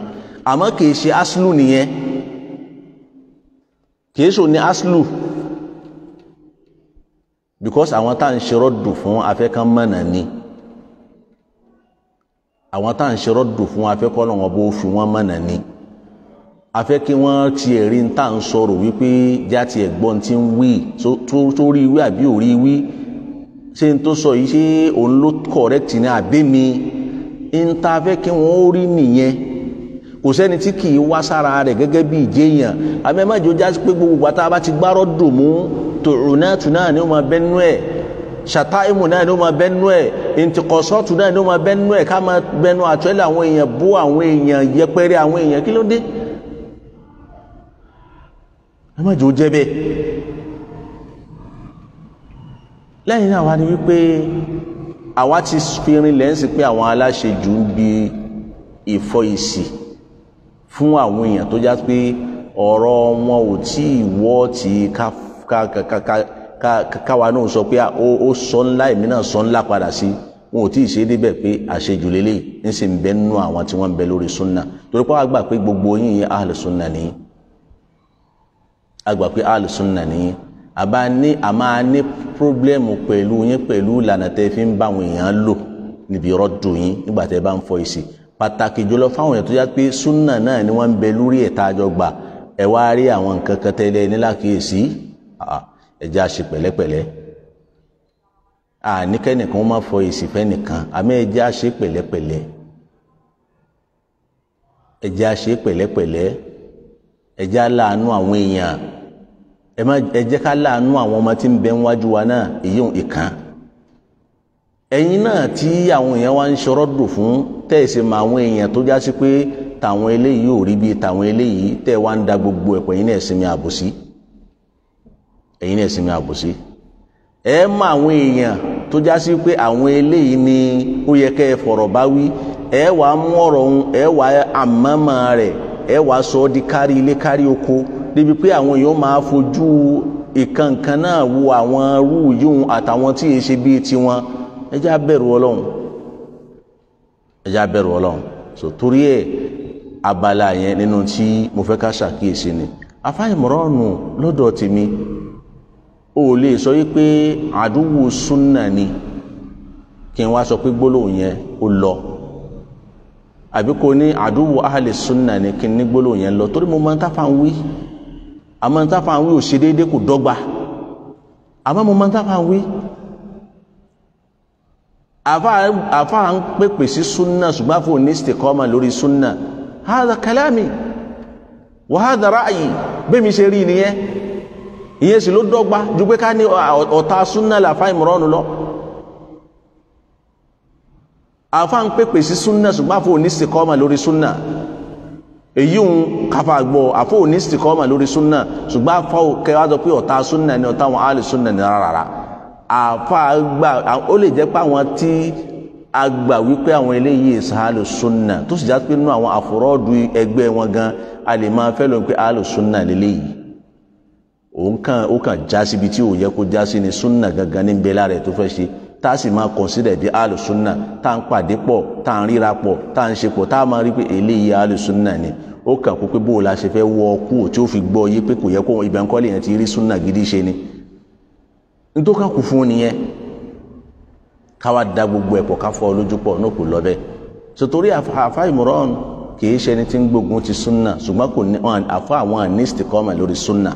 àmọ́ kì í ṣe aṣlù nìyẹn kì í ṣò ní aṣlù because àwọn tá à ń ṣe rọ́dù fún afẹ́kán mọ̀nà ni àwọn tá à ń ṣe rọ́dù fún afẹ́kọ́ lọ́wọ́ bó fi wọ́n mọ̀nà ni afẹ́ kí wọ́n ti ẹ̀rí ń tà ń sọ̀rọ̀ wípé já ti ẹ̀gbọ́n ti ń wí tó rí wí àbí ò rí wí ṣé n tó sọ yìí ṣé òun ló correct ní àbí mi ń ta afẹ́ kí wọ́n ó rí nìyẹn kò sẹ́ni tí kì í wá sára rẹ̀ gẹ́gẹ́ bí ìjẹyàn amẹ́mọ́jọ já sí pé gbogbo gbàtà bá ti gbárọ́ dùn mú tòrò náà tù náà ni ó máa bẹ́nu ẹ̀ ṣàtàìmù náà ni ó máa bẹ́nu ẹ̀ ìntìkọ̀sọ́ọ̀tù náà ni ó máa bẹ́nu ẹ̀ ká máa bẹ́nu àwọn èèyàn bú àwọn èèyàn yẹpẹrẹ àwọn èèyàn kí ló dé amẹ́mọ́jọ jẹ́ bẹ́ẹ̀ lẹ́yìn náà wá ní wípé àwa ti fi rinlẹ̀ ń sì pé àwọn aláṣejù ń bi ìfọ ìsì fún àwọn èèyàn tó já pé ọ̀rọ̀ wọn ò tí ì wọ́ ti ká ká ká ká káwa náà sọ pé ó sọ ńlá èmi náà sọ ńlá padà sí wọn ò tí ì ṣe débẹ̀ pé àṣejù lélẹ̀ ńṣe ń bẹ nínú àwọn tí wọ́n ń bẹ lórí sunna torí pé wọ́n gbà pé gbogbo yín yín ahlẹ̀ sunna ni a gbà pé ahlẹ̀ sunna ni àbá ní a máa ní pírọ́blẹ́mù pẹ̀lú yín pẹ̀lú ìlànà tẹ́ fi ń bá àwọn èèyàn lò níbi rọ́dù yín nígbà tẹ́ bá ń fọ ìsìn pàtàkì jùlọ fáwọn èèyàn tó yá pé súnà náà ni wọ́n ń bẹ lórí ẹ̀ta àjọ gbà ẹ wá rí àwọn nǹkan kan tẹ́lẹ̀ níláàkíyèsí ẹja ṣe pẹ̀lẹ́pẹ̀lẹ́ àníkẹ́nìkan wọ́n máa fọ èsì fẹ́nìkan àmọ́ ẹja ṣe pẹ̀lẹ́pẹ̀lẹ́ ẹja ṣe pẹ̀lẹ́pẹ̀lẹ́ ẹja láàánú àwọn èèyàn ẹ ká láàánú àwọn ọmọ tí ń bẹ níwájú wa náà èyí ò ìkan ẹ̀yin náà tí àwọn èèyàn wá ń ṣọ̀rọ̀ dùn fún tẹ̀sí ma àwọn èèyàn tó já sí pé tàwọn eléyìí ò rí bíi tàwọn eléyìí tẹ̀ wá ń da gbogbo ẹ̀pọ̀ ẹ̀yin náà sinmi àbòsí ẹ̀yin náà sinmi àbòsí ẹ mọ àwọn èèyàn tó já sí pé àwọn eléyìí ni ó yẹ kẹ́ ẹ fọ̀rọ̀ bá wí ẹ wà á mú ọ̀rọ̀ ń ẹ wà á àmọ́mọ́ rẹ̀ ẹ wà á sọ ọ́ di kárí ilé kárí oko débi pé àwọn èèyàn máa fojú ìkànkàn náà wo àwọn rúù àtàwọn tí èé ṣe bíi tiwọn ẹ jẹ́ abẹ̀rù ọlọ́run ẹ jẹ́ abẹ̀rù ọlọ́run so torí ẹ̀ abala yẹn nínú tí mo fẹ́ ká ṣàkíyèsí ni afáìmọ̀rọ́ọ̀nù lọ́dọ̀ tèmi o lè sọ yí pé àdúgbò súnà ni kí n wá sọ pé gbólóhùn yẹn ó lọ àbí kò ní àdúgbò ahàlẹ̀ súnà ni kí n ní gbólóhùn yẹn lọ torí mo máa ń táfà ń wí àmọ́ ń táfà ń wí ò ṣe déédéé kò dọ́gba àmọ́ mo máa ń táfà ń wí àfáà ń pèpè sí súnà ṣùgbọ́n àfọ ní istikọ́mà lórí súnà hádà kàlámì wà hádà ráàyì bẹ́mi ṣe rí nìyẹn ìyẹn sì ló dọ́gba ju pé ká ní ọ̀tá súnà làfá ìmọ̀rọ́nù lọ àfáà ń pèpè sí súnà ṣùgbọ́n àfọ ní istikọ́mà lórí súnà èyí ń kafa gbọ́ àfọ ní istikọ́mà lórí súnà ṣùgbọ́n àfọ kẹwàá sọ pé ọ̀tá súnà ni ọ̀tá wọn áàlì súnà ni rárá àfa gbà ó lè jẹ́ pé àwọn tí a gbà wípé àwọn eléyìí ìsàlù sunna tó sì já pé nínú àwọn àfọ̀rọ́ọ̀dù ẹgbẹ́ wọn gan a lè máa fẹ́ lóun pé àlù sunna lélẹ́yìí òun kàn ó kàn já síbi tí ò yẹ kó já sí ni sunna gangan ní bẹ́lá rẹ̀ tó fẹ́ ṣe tá a sì máa consider bí àlù sunna tá à ń pàdé pọ̀ tá à ń ríra pọ̀ tá à ń ṣe pọ̀ tá a máa rí pé eléyìí àlù sunna ni ó kàn kó pé bó o la ṣe fẹ́ wọ ọkú tí ó fi gbọ́ yé pé kò yẹ kó ibẹ̀ ńkọ́ lè yẹn ti rí sunna gidi ṣe ni nítorí kan kù fún nìyẹn káwa da gbogbo ẹ̀pọ̀ káfọ́ lójú pọ̀ náà kò lọ bẹ́ẹ̀ sòtórí àfa ìmọ̀ràn ṣe ẹni tí ń gbógun ti súnà ṣùgbọ́n kò ní àwọn àníṣtì kọ́mà lórí sunna.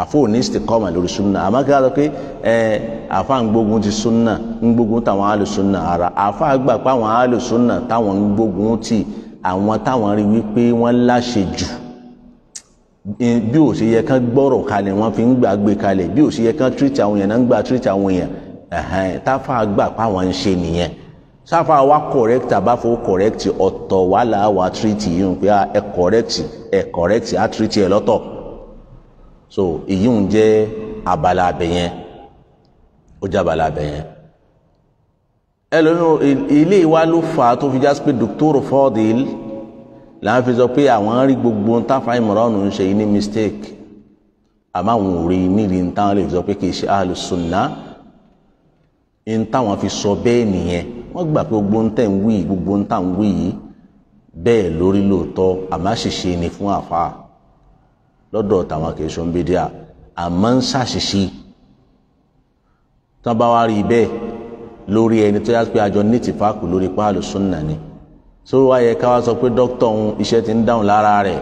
àfa òníṣtì kọ́mà lórí ngbogun àmọ́ kí wọ́n sọ pé ẹ àfa ń gbógun ti ara gbà pé àwọn táwọn ń gbógun ti àwọn Eh, bí ò ṣe yẹ kán gbọ́rọ̀ kalẹ̀ wọ́n fi ń gbà gbé kalẹ̀ bí ò ṣe yẹ kán tírìtì àwọn èèyàn náà ń gbà tírìtì àwọn èèyàn táfà gbà páwọn ń ṣe nìyẹn sáfà wa correct àbáfo correct ọ̀tọ̀ wà láwa tírìtì yìí pé ah, ẹ correct ẹ correct á tírìtì ẹ lọ́tọ̀ so èyí ń jẹ́ abala abẹ yẹn ó jẹ́ abala abẹ yẹn ẹlòmíràn ilé ìwà ló fà á tó fi já sí pé dr Fadil làwọn fi sọ pé àwọn rí gbogbo ń táfà ń ṣe yìí ní mistake àmọ́ àwọn ò rí nídìí ń táwọn lè fi sọ pé kì í ṣe àlùsùnà ń táwọn fi sọ bẹ́ẹ̀ nìyẹn wọ́n gbà pé gbogbo ń tẹ̀ ń wí gbogbo ń tà ń wí yìí bẹ́ẹ̀ lórí lóòótọ́ àmọ́ àṣìṣe ni fún àfa lọ́dọ̀ tàwọn kì í ṣe ń díà àmọ́ ń ṣàṣìṣe tán bá wá rí bẹ́ẹ̀ lórí ẹni tó yá pé àjọ ní tìfáàkù lórí páàlù súnà ni sórí wáyé ká wá sọ pé dókítà òun iṣẹ́ ti ń dáhùn lára rẹ̀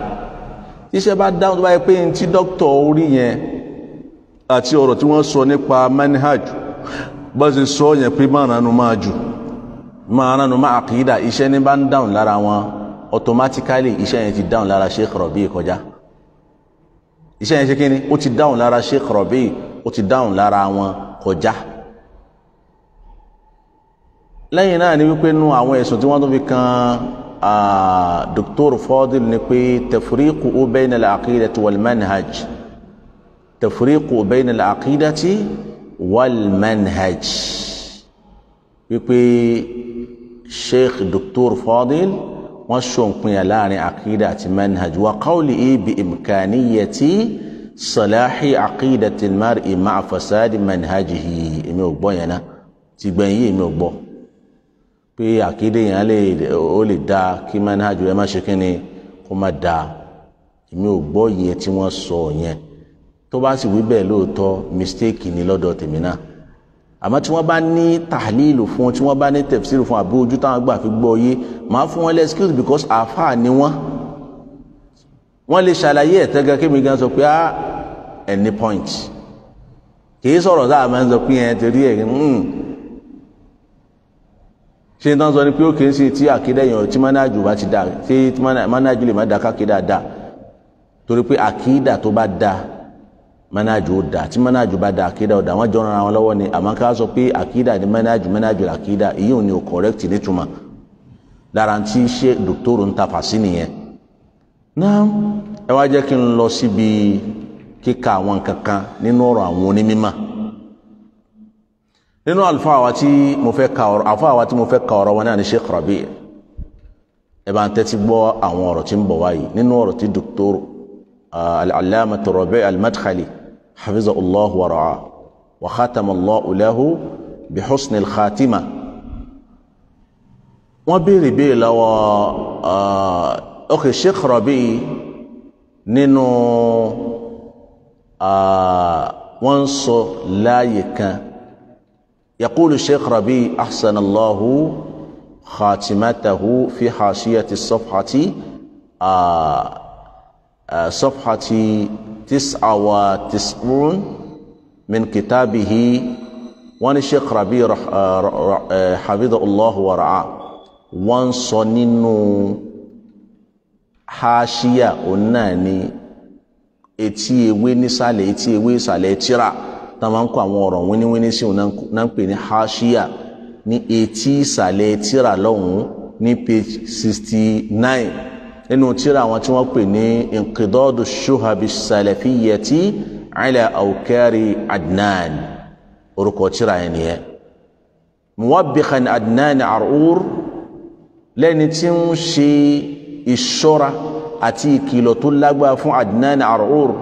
tíṣẹ́ bá dáhùn tó bá yẹ pé ní tí dókítà orí yẹn àti ọ̀rọ̀ tí wọ́n sọ nípa manhaj bá ṣe sọ yẹn pé máa ránu máa jù máa ránu máa àkìdá iṣẹ́ ní bá ń dáhùn lára wọn automatically iṣẹ́ yẹn ti dáhùn lára Sheikh Rabi kọjá iṣẹ́ yẹn ṣe kí ni ó ti dáhùn lára Sheikh Rabi ó ti dáhùn lára wọn kọjá lẹ́yìn náà ni wípé nu àwọn ẹ̀sùn tí wọ́n tún fi kan Dr. Fadil ni pé tafriqu bayna al-aqidati wal-manhaj tafriqu bayna al-aqidati wal-manhaj wípé Sheikh Dr. Fadil wọ́n ṣòǹpinya láàrin àkídà àti manhaj wa qawlihi bi imkaniyati salahi àkídà tìlmárì ma'a fasadi manhajihi èmi ò gbọ́ yẹn náà ti gbẹ̀yìn èmi ò gbọ́ pé àkídé yẹn lè ó lè da kí manhaj ẹ má ṣe kí ni kó má da èmi ò gbọ́ yẹ tí wọ́n sọ yẹn tó bá sì wí bẹ́ẹ̀ lóòótọ́ mistake ni lọ́dọ̀ tèmi náà àmọ́ tí wọ́n bá ní tàlílù fún wọn tí wọ́n bá ní tẹ̀fsírù fún àbí ojú táwọn gbà fi gbọ́ yé màá fún wọn lẹ́ excuse because àáfàá ni wọ́n wọ́n lè ṣàlàyé ẹ̀tẹ́gẹ́ kémi gan sọ pé á ẹni point kì í sọ̀rọ̀ sáà máa ń sọ pé ẹ̀ torí ẹ̀ ń hmm ṣé ní tán sọ ni pé ó kì í ṣe tí àkídà èèyàn tí mánájú bá ti dà ṣé mánájú lè má da kákídà dà torí pé àkídà tó bá da mánájú ó dà tí mánájú bá da àkídà ó dà wọ́n jọ ran àwọn lọ́wọ́ ni àmọ́ ká sọ pé àkídà ni mánájú mánájú àkídà èyí ò ní o correct nítumọ̀ lára tí ṣe dòktóró ń tafà sí nìyẹn náà ẹ wá jẹ́ kí n lọ síbi kíka àwọn kankan nínú ọ̀rọ̀ àwọn onímọ̀ nínú àlùfáàwá tí mo fẹ́ ka ọ̀rọ̀ àfáàwá tí mo fẹ́ ka ọ̀rọ̀ wọn náà ni Sheikh Rabi ẹ bá ń tẹ́tí gbọ́ àwọn ọ̀rọ̀ tí ń bọ̀ wáyé nínú ọ̀rọ̀ tí Dr. Ah, al-Allama Rabi al-Madkhali hafizahullah wa ra'a wa khatamallahu bi husnil khatima wọ́n béèrè béèrè lọ́wọ́ ah, ok Sheikh Rabi nínú ah, wọ́n ń sọ láàyè kan يقول الشيخ ربي أحسن الله خاتمته في حاشية الصفحة آه، آه، صفحة تسعة وتسعون من كتابه وان الشيخ ربي آه، حفظه الله ورعاه وان صنين حاشية أناني إتي وين سالي إتي وين سالي إتي tá a máa ń kó àwọn ọ̀rọ̀ wíníwíní sí òun náà ń pè ní hashiya ní etí ìsàlẹ̀ tíra lọ́hùn-ún ní page sixty nine nínú tíra àwọn tí wọ́n pè ní inqidadu shuhabi salafiyati ala awkari adnan orúkọ tíra yẹn nìyẹn muwabbihan adnan arur lẹ́ni tí ń ṣe ìṣọ́ra àti ìkìlọ̀ tó lágbára fún adnan arur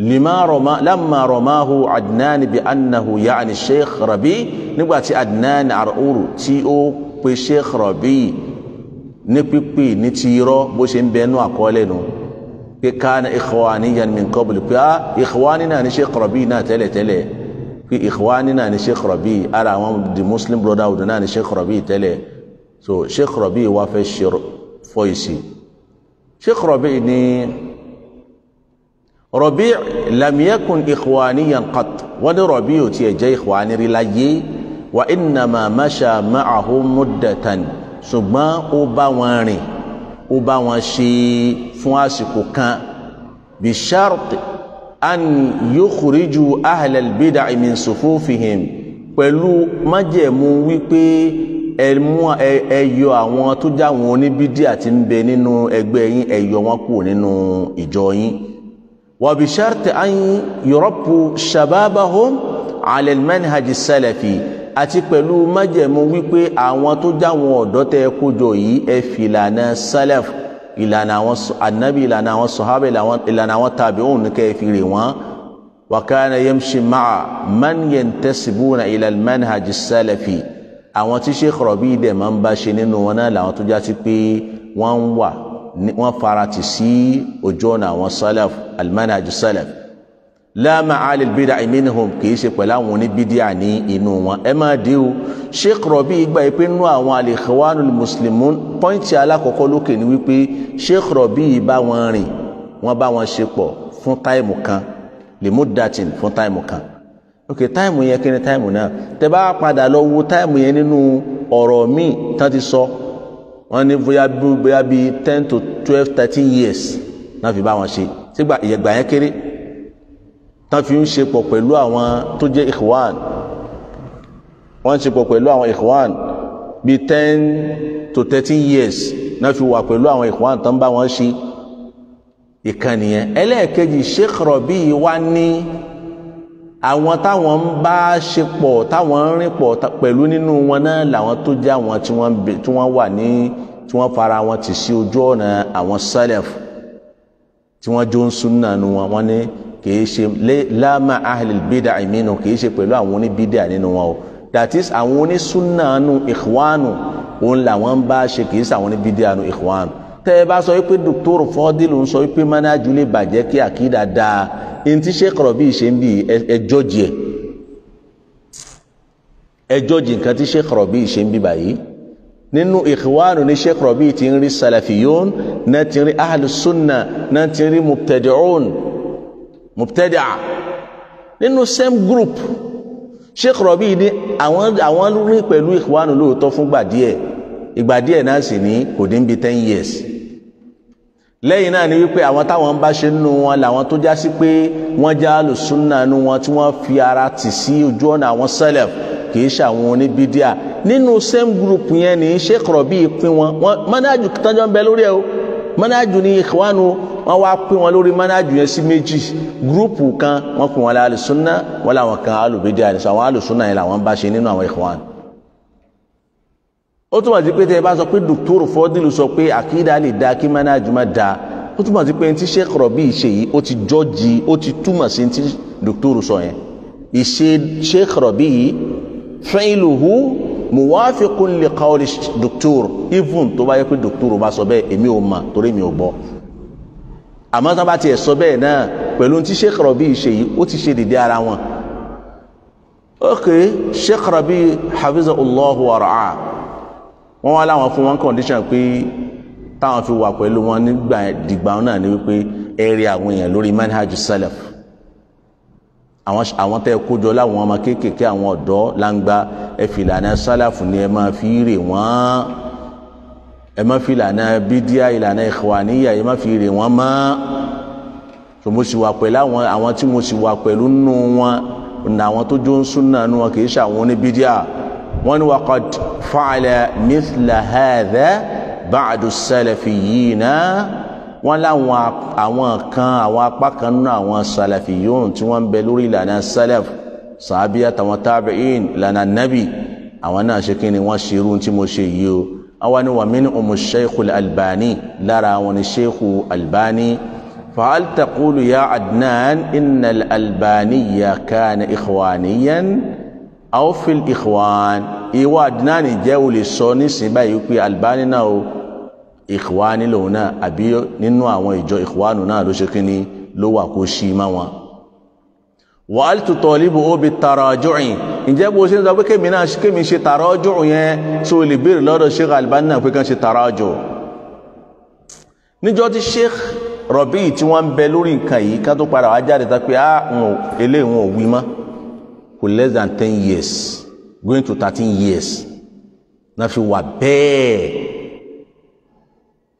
lima roma lamma romahu adnan bi annahu yaani sheikh rabi nígbà tí adnan aruru tí ó pe sheikh rabi ní pípé ní ti irọ́ bó ṣe ń bẹ nú àkọọ́lẹ̀ nu pé kánà ikhwaniyan min qabl pé ah ikhwani náà ní sheikh rabi náà tẹ́lẹ̀tẹ́lẹ̀ pé ikhwani náà ní sheikh rabi ara àwọn the muslim brotherhood náà ní sheikh rabi tẹ́lẹ̀ so sheikh rabi wá fẹ́ ṣe fọ́ sheikh rabi ni. Rabi' lam yakun ikhwaniyan qat wọ́n ní Rabi' ò tiẹ̀ jẹ́ ikhwani rí láyé wa innama masha ma'ahum muddatan ṣùgbọ́n ó bá wọn rìn ó bá wọn ṣe fún àsìkò kan bi sharti an yukhriju ahlal bid'ah min sufufihim pẹ̀lú májẹ̀mú wípé ẹ àwọn tó jáwọn oníbídíà tí ń bẹ nínú ẹgbẹ́ yín ẹ wọn kúrò nínú ìjọ yín. وبشرط أن يربوا شبابهم على المنهج السلفي àti pẹ̀lú májẹ̀mú wípé àwọn tó jáwọn ọ̀dọ́ tẹ́ kójọ yìí ẹ fi ìlànà salaf ìlànà àwọn anabi ìlànà àwọn sọ̀hábà ìlànà àwọn tabi'un ní kẹ́ fi rè wọ́n. وكان يمشي مع من ينتسبون إلى المنهج السلفي àwọn tí Sheikh Rabi' dẹ̀ máa ń bá ṣe nínú wọn náà làwọn tó já sí pé wọ́n ń wà wọ́n farati sí ojú ọ̀nà àwọn salaf almanaju salaf láàmà alìbídà ìmínihùn kìí ṣe pẹ̀lú àwọn oníbídíà ní inú wọn ẹ máa dé o sheikh rabi igba ìpè nú àwọn al-Ikhwanul pọ́ǹtì alákọ̀ọ́kọ́ lókè ni wípé sheikh rabi bá wọn rìn wọ́n bá wọn ṣe pọ̀ fún táìmù kan limudatin fún táìmù kan ok táìmù yẹn kí ni táìmù náà tẹ bá padà lọ wo táìmù yẹn nínú ọ̀rọ̀ míì tán ti sọ wọ́n ní bóyá bóyá bíi ten to twelve thirteen years náà fi bá wọn ṣe sígbà ìyẹ̀gbà yẹn kéré tán fi ń ṣe pọ̀ pẹ̀lú àwọn tó jẹ́ ikhwan wọ́n ń ṣe pọ̀ pẹ̀lú àwọn ikhwan bíi ten to thirteen years náà fi wà pẹ̀lú àwọn ikhwan tán bá wọn ṣe ìkànnì yẹn ẹlẹ́ẹ̀kejì Sheikh Rabi wa ní àwọn táwọn ń bá ṣe pọ̀ táwọn ń rìn pọ̀ pẹ̀lú nínú wọn náà làwọn tó jẹ́ àwọn tí wọ́n wà ní tí wọ́n fara wọn tì sí ojú ọ̀nà àwọn salaf tí wọ́n jó ń sún náà nu wọn wọn ní kìí ṣe láàmà ahlil bídà ìmínú kìí ṣe pẹ̀lú àwọn oníbídà nínú wọn o that is àwọn onísúnnà nu ìkwánu òun làwọn ń bá ṣe kìí ṣe àwọn oníbídà nu ìkwánu tẹ ẹ bá sọ wípé dòkítọ́rù fọ́dílù ń sọ wípé mánájú lè bàjẹ́ kí àkídà dáa ẹni tí Sheikh Rabi ṣe ń bì ẹjọ́ jì ẹ̀ ẹjọ́ jì nǹkan tí Sheikh Rabi ṣe ń bì báyìí nínú Ikhwanu ní Sheikh Rabi ti ń rí salafiyun náà ti ń rí ahlus náà ti ń rí mubtadi'un mubtadi'a nínú same group Sheikh Rabi ní àwọn àwọn rí pẹ̀lú Ikhwanu lóòótọ́ fúngbà díẹ̀ ìgbà díẹ̀ náà sì ní kò dín bí ten years lẹ́yìn náà ni wípé àwọn táwọn ń bá ṣe nínú wọn làwọn tó já sí pé wọ́n já lùsùnà nínú wọn tí wọ́n fi ara tì sí ojú ọ̀nà àwọn sẹ́lẹ̀f kì í ṣe àwọn oníbídíà nínú same group yẹn ní Sheikh Rabi pín wọn wọn mọ́nájú tọ́jọ́ ń bẹ lórí ẹ o mọ́nájú ní Ikhwanu wọn wá pín wọn lórí mọ́nájú yẹn sí méjì gúrúùpù kan wọ́n pín wọn lálùsùnà wọn làwọn kan alùbídíà ní sọ àwọn alùsùnà yẹn làwọn bá ṣe nínú àwọn Ikhwanu ó túmọ̀ sí pé tẹ́ ẹ bá sọ pé dòkítọ́rù fọ́dílù sọ pé àkídà lè da kí mánàjú má da ó túmọ̀ sí pé ní ti Sheikh Rabi ṣe yìí ó ti jọ́jì ó ti túmọ̀ sí ti dòkítọ́rù sọ yẹn ìṣe Sheikh Rabi yìí fi'luhu muwafiqun li qawli dòkítọ́rù even tó bá yẹ pé dòkítọ́rù bá sọ bẹ́ẹ̀ èmi ò mà torí mi ò gbọ́ àmọ́ tó bá tiẹ̀ sọ bẹ́ẹ̀ náà pẹ̀lú ti Sheikh Rabi ṣe yìí ó ti ṣe dédé ara wọn ok Sheikh Rabi hafizahullahu wa ra'ah wọ́n wá láwọn fún wọn condition pé táwọn fi wà pẹ̀lú wọn nígbà dìgbà náà ni wípé ẹ̀rí àwọn èèyàn lórí manhaj salaf àwọn àwọn tẹ́ kó jọ láwọn ọmọ kéékèèké àwọn ọ̀dọ́ langba ẹ fìlànà salaf ni ẹ máa fi rè wọ́n ẹ má fi ìlànà bídíà ìlànà ikhwaniyya ẹ má fi rè wọ́n mọ́ so mo sì wà pẹ̀lú àwọn àwọn tí mo sì wà pẹ̀lú nù wọn nà àwọn tó jó ń sún náà nù wọn kì í ṣe oníbídíà wọ́n ní waqad fa'ala mithla hadha ba'du salafiyina wọ́n láwọn àwọn kan àwọn apá kan nínú àwọn salafiyun tí wọ́n ń bẹ lórí ìlànà salaf sàábíyà tàwọn tabi'in ìlànà nabi àwọn náà ṣe kí ni wọ́n ṣe irú tí mo ṣe yìí o àwọn ni wa minhumu sheikhul albani lára wọn ni sheikhu albani fahal taqulu ya adnan inna albani ya kana ikhwaniyan àwòfil ikhwan ìwà adinani jẹ́ o lè sọ nísìnyí báyìí pé Albani náà o ikhwani lòun náà àbí nínú àwọn ìjọ ikhwanu náà ló ṣe kínní ló wà kó ṣí i má wọn. wà á tún tọ́ líbo ó bi taraju'in ǹjẹ́ bó ṣe ń sọ pé kémi náà kémi ṣe taraju'u yẹn tí o lè béèrè lọ́dọ̀ Sheikh Albani náà pé kàn ṣe taraju'u. níjọ́ tí Sheikh Rabi tí wọ́n ń bẹ lórí nǹkan yìí ká tó padà wá jáde tá pé á ah, eléyìí wọn ò wí mọ́ kò less than ten years going to thirteen years náà fi wà bẹ́ẹ̀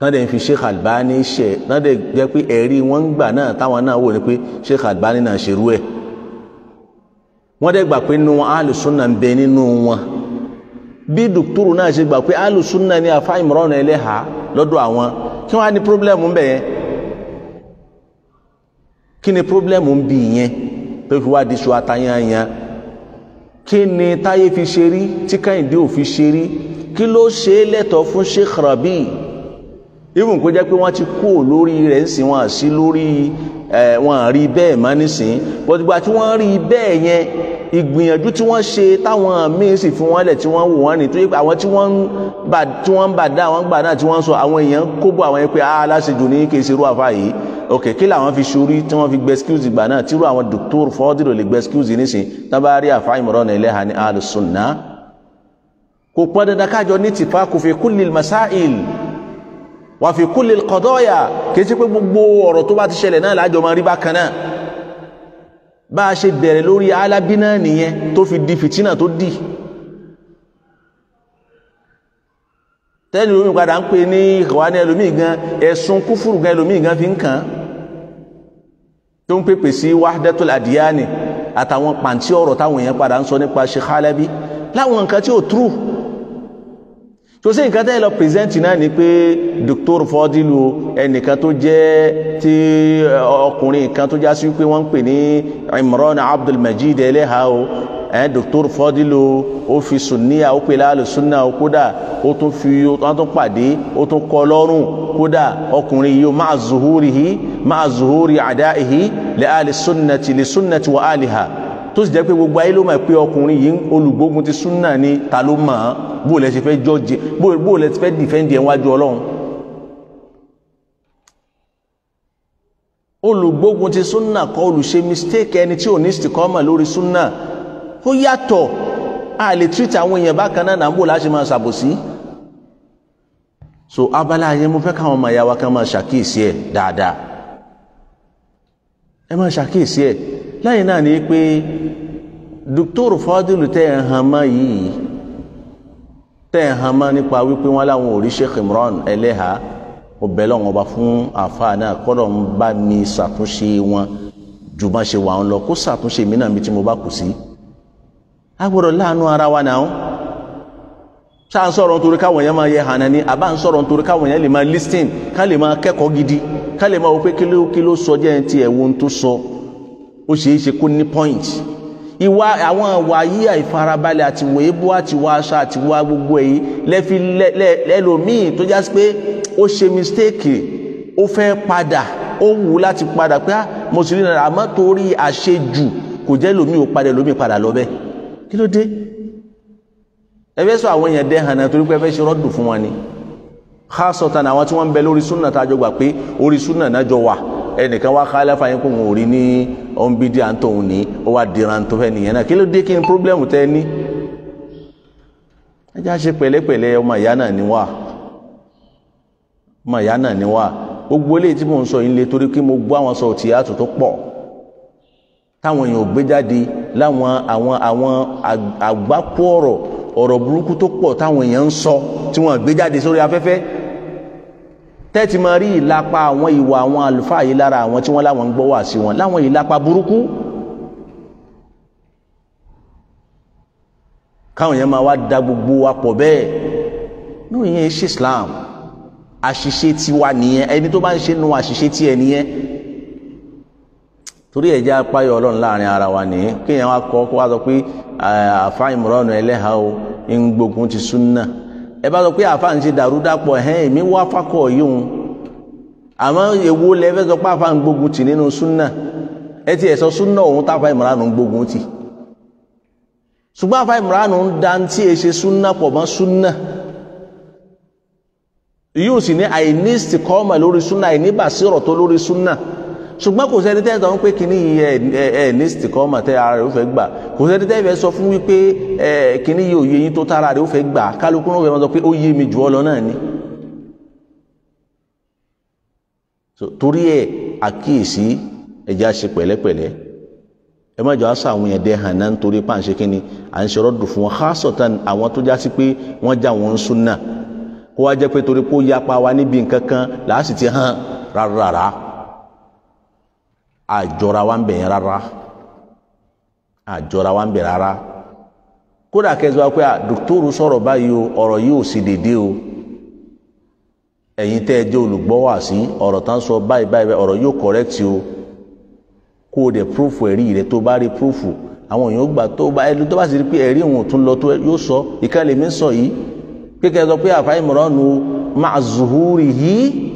náà dẹ̀ ń fi Sheikh Albani ṣe náà dẹ̀ jẹ́ pé ẹ̀rí wọn ń gbà náà táwọn náà wò ni pé Sheikh Albani náà ṣerú ẹ̀ wọ́n dẹ̀ gbà pé nínú wọn alùsùnà ń bẹ nínú wọn bí dùkúrú náà ṣe gbà pé alùsùnà ní afá ìmọ̀ràn ẹlẹ́hà lọ́dọ̀ àwọn kí wọ́n á ní pírọ́blẹ́mù ń bẹ̀ yẹn kí ni pírọ́blẹ́mù ń bì yẹn tó fi wá di ṣu atayanyan kí ni táyé fi ṣe rí tí Kẹ́hìndé ò fi ṣe rí kí ló ṣe é lẹ́tọ̀ọ́ fún Sheikh Rabi' even kó jẹ́ pé wọ́n ti kú lórí rẹ̀ ń sìn wọ́n sí lórí ẹ̀ wọ́n rí bẹ́ẹ̀ má nísìn bọ́dùgbà tí wọ́n rí bẹ́ẹ̀ yẹn ìgbìyànjú tí wọ́n ṣe táwọn míín sì fi wọ́n lẹ̀ tí wọ́n wò wọ́n ní torí pé àwọn tí wọ́n ń bà tí wọ́n ń bà dá àwọn gbà náà tí wọ́n ń sọ àwọn èèyàn kó bọ̀ àwọn yẹn pé ah aláṣejù ní kí n ṣerú àfa yìí ok kí làwọn fi ṣorí tí wọ́n fi gbẹ skills ìgbà náà tírú àwọn dr fọ́dúró lè gbẹ skills nísìn tán bá rí àfa Imran Eleha ní alùsùn náà kò pọn dandan kájọ ní tìfa kò fi kulli masail wà fi kulli al-qadaya kì í ṣe pé gbogbo ọ̀rọ̀ tó bá ti ṣẹlẹ̀ náà lájọ máa rí bákan náà bá a ṣe bẹ̀rẹ̀ lórí alábí náà nìyẹn tó fi di fìtínà tó dì tẹ́lẹ̀ omi padà ń pè ní ìwà ní ẹlòmíì gan ẹ̀sùn kúfùrù gan ẹlòmíì gan fi ń kàn tó ń pèpè sí wahdatul adiyani àtàwọn pàǹtí ọ̀rọ̀ táwọn èèyàn padà ń sọ nípa Sheikh Halabi láwọn nǹkan tí ò true tó sí nǹkan tẹ́ lọ pírẹsẹ́ǹtì náà ni pé dr fọdílù ẹnìkan tó jẹ́ ti eh, ọkùnrin kan tó já sí pé wọ́n ń pè ní Imran Abdulmajid ẹlẹ́hàá o ẹ̀ eh, dr fọdílù ó fi sunniya ó pè láàlù sunna ó kódà ó tún fi wọ́n tún pàdé ó tún kọ́ lọ́rùn kódà ọkùnrin yìí máa zuhurihi máa zuhuri àdáìhì lẹ́àlì sunnati lè sunnati wa aliha tó sì jẹ́ pé gbogbo ayé ló mọ̀ pé ọkùnrin yìí olùgbógun ti súnà ni ta ló mọ̀ ọ́n bó lẹ ṣe fẹ́ jọ́jì bó lẹ ti fẹ́ dìfẹ́ǹdì ẹ̀ wájú ọlọ́run. olùgbógun ti súnà kọ́ olùṣe mistake ẹni tí ò ní sìkọ́mọ̀ lórí súnà ó yàtọ̀ a lè treat àwọn èèyàn bákan náà nàbó láti máa ṣàbòsí. so abala yẹn mo fẹ́ káwọn ọmọ ìyá wa kan máa ṣàkíyèsí ẹ̀ dáadáa ẹ máa ṣàkíyèsí ẹ̀ lẹ́yìn náà ni pé dókítọ̀rù Fadilu tẹ́ ẹ̀ hàn mọ́ yìí tẹ́ ẹ̀ hàn nípa wípé wọ́n láwọn orí Sheikh Imran Eleha ọbẹ̀ lọ́wọ́n ọba fún àfáà náà kọ́dọ̀ ń bá mi ṣàtúnṣe wọn jù bá ṣe wà ń lọ kó ṣàtúnṣe mí náà mi tí mo bá kù sí. a gbọ́dọ̀ láàánú ara wa náà ṣáà ń sọ̀rọ̀ nítorí káwọn yẹn máa yẹ hànà ni àbá ń sọ̀rọ̀ nítorí káwọn yẹn lè máa listen ká lè máa kẹ́kọ̀ọ́ gidi ká lè máa wọ pé kí sọ jẹ́ ẹ̀ ń tiẹ̀ wo ń tó sọ. So ó ṣeé ṣe kó ní point ìwà àwọn ìwà yìí àìfarabalẹ̀ àti wọ ebú àti wọ aṣọ àti wọ gbogbo èyí lẹ́fi lẹ́lòmíì tó já sí pé ó ṣe mistake ó fẹ́ padà ó wù láti padà pé ah, mo sì rí nàrà àmọ́ torí àṣejù kò jẹ́ lòmíì ó padà lòmíì padà lọ bẹ́ẹ̀ kí ló dé ẹ fẹ́ sọ àwọn èèyàn dẹ́ hànà torí pé ẹ fẹ́ ṣe rọ́dù fún wọn ni khasatan àwọn tí wọ́n ń bẹ lórí súnà tá a jọ gbà pé orí súnà náà jọ wà ẹnìkan wá khalafa yín kò ń rí ní ọ̀n bídíà ń tòun ní ó wá dìran tó fẹ́ nìyẹn náà kí ló dé kí ni pírọ́blẹ́mù tẹ́ ní. ẹ já ṣe pẹ̀lẹ́pẹ̀lẹ́ ọmọ ìyá náà ni wá ọmọ ìyá náà ni wá gbogbo eléyìí tí mò ń sọ yìí le torí kí mo gbọ́ àwọn sọ̀rọ̀ tìyàtò tó pọ̀ táwọn èèyàn ò gbé jáde láwọn àwọn àwọn àgbákò ọ̀rọ̀ ọ̀rọ̀ burúkú tó pọ̀ táwọn èèyàn ń sọ tí wọ́n gbé jáde sórí afẹ́fẹ́ tẹ́tì máa rí ìlapa àwọn ìwà àwọn àlùfáà yìí lára àwọn tí wọ́n láwọn ń gbọ́ wà sí wọn láwọn ìlapa burúkú káwọn yẹn máa wá da gbogbo wa pọ̀ bẹ́ẹ̀ ní òye ṣe Islam àṣìṣe tiwa nìyẹn ẹni tó bá ń ṣe nu àṣìṣe tiẹ̀ nìyẹn torí ẹ̀jẹ̀ apáyọ̀ ọlọ́run láàrin ara wa nìyẹn kéèyàn wá kọ́ kó wá sọ pé àfáà ìmọ̀ràn ẹlẹ́hàá o ń gbógun ti súnà ẹ bá sọ pé àáfàá ń ṣe dàrúdàpọ̀ ẹ̀hẹ́n èmi wá fákọ̀ yìí ń àmọ́ èwo lẹ fẹ́ sọ pé àáfàá ń gbógun tì nínú súnà ẹ ti ẹ̀ sọ súnà òun táfà ìmọ̀ràn ń gbógun tì ṣùgbọ́n àáfàá ìmọ̀ràn ń da tí ẹ e ṣe súnà pọ̀ mọ́ súnà yóò sì ní àìní ìsìkọ́mọ̀ lórí súnà àìní bàṣírọ̀ tó lórí súnà ṣùgbọ́n kò sẹ́ni tẹ́ sọ pé kínní yìí ẹ ẹ ní sìkọ́mà tẹ́ ara rẹ̀ ó fẹ́ gbà kò sẹ́ni tẹ́ fẹ́ sọ fún wípé ẹ kínní yìí òye yín tó tára rẹ̀ ó fẹ́ gbà kálukú náà fẹ́ máa sọ pé ó yé mi jù ọ lọ náà ni. torí ẹ àkíyèsí ẹja ṣe pẹ̀lẹ́pẹ̀lẹ́ ẹ má jọ àṣà àwọn yẹn dẹ hàn náà nítorí páàṣẹ kínní à ń ṣe rọ́dù fún wọn hásọ̀tàn àwọn tó já sí pé wọ́n já wọn ń súnà kó wá jẹ́ pé torí pé ó yapa wa níbi nǹkan kan làásì ti hàn rárára àjọra wa ń bẹ̀ yẹn rárá àjọra wa ń bẹ̀ rárá kódà kẹsàn-án pé dòkítọ́rù sọ̀rọ̀ báyìí o ọ̀rọ̀ yìí ò sì dédé o ẹ̀yin tẹ́ ẹ jẹ́ olùgbọ́ wà sí ọ̀rọ̀ tá ń sọ báyìí báyìí ọ̀rọ̀ yóò correct o kó o dẹ̀ púrúfù ẹ̀rí rẹ tó bá rí púrúfù àwọn èèyàn gbà tó bá ẹni tó bá sì rí pé ẹ̀rí òun tún lọ tó yóò sọ ìkàlẹ̀ mi sọ yìí kékeré sọ pé àfáìmọ̀ràn nu máa zuhuri yìí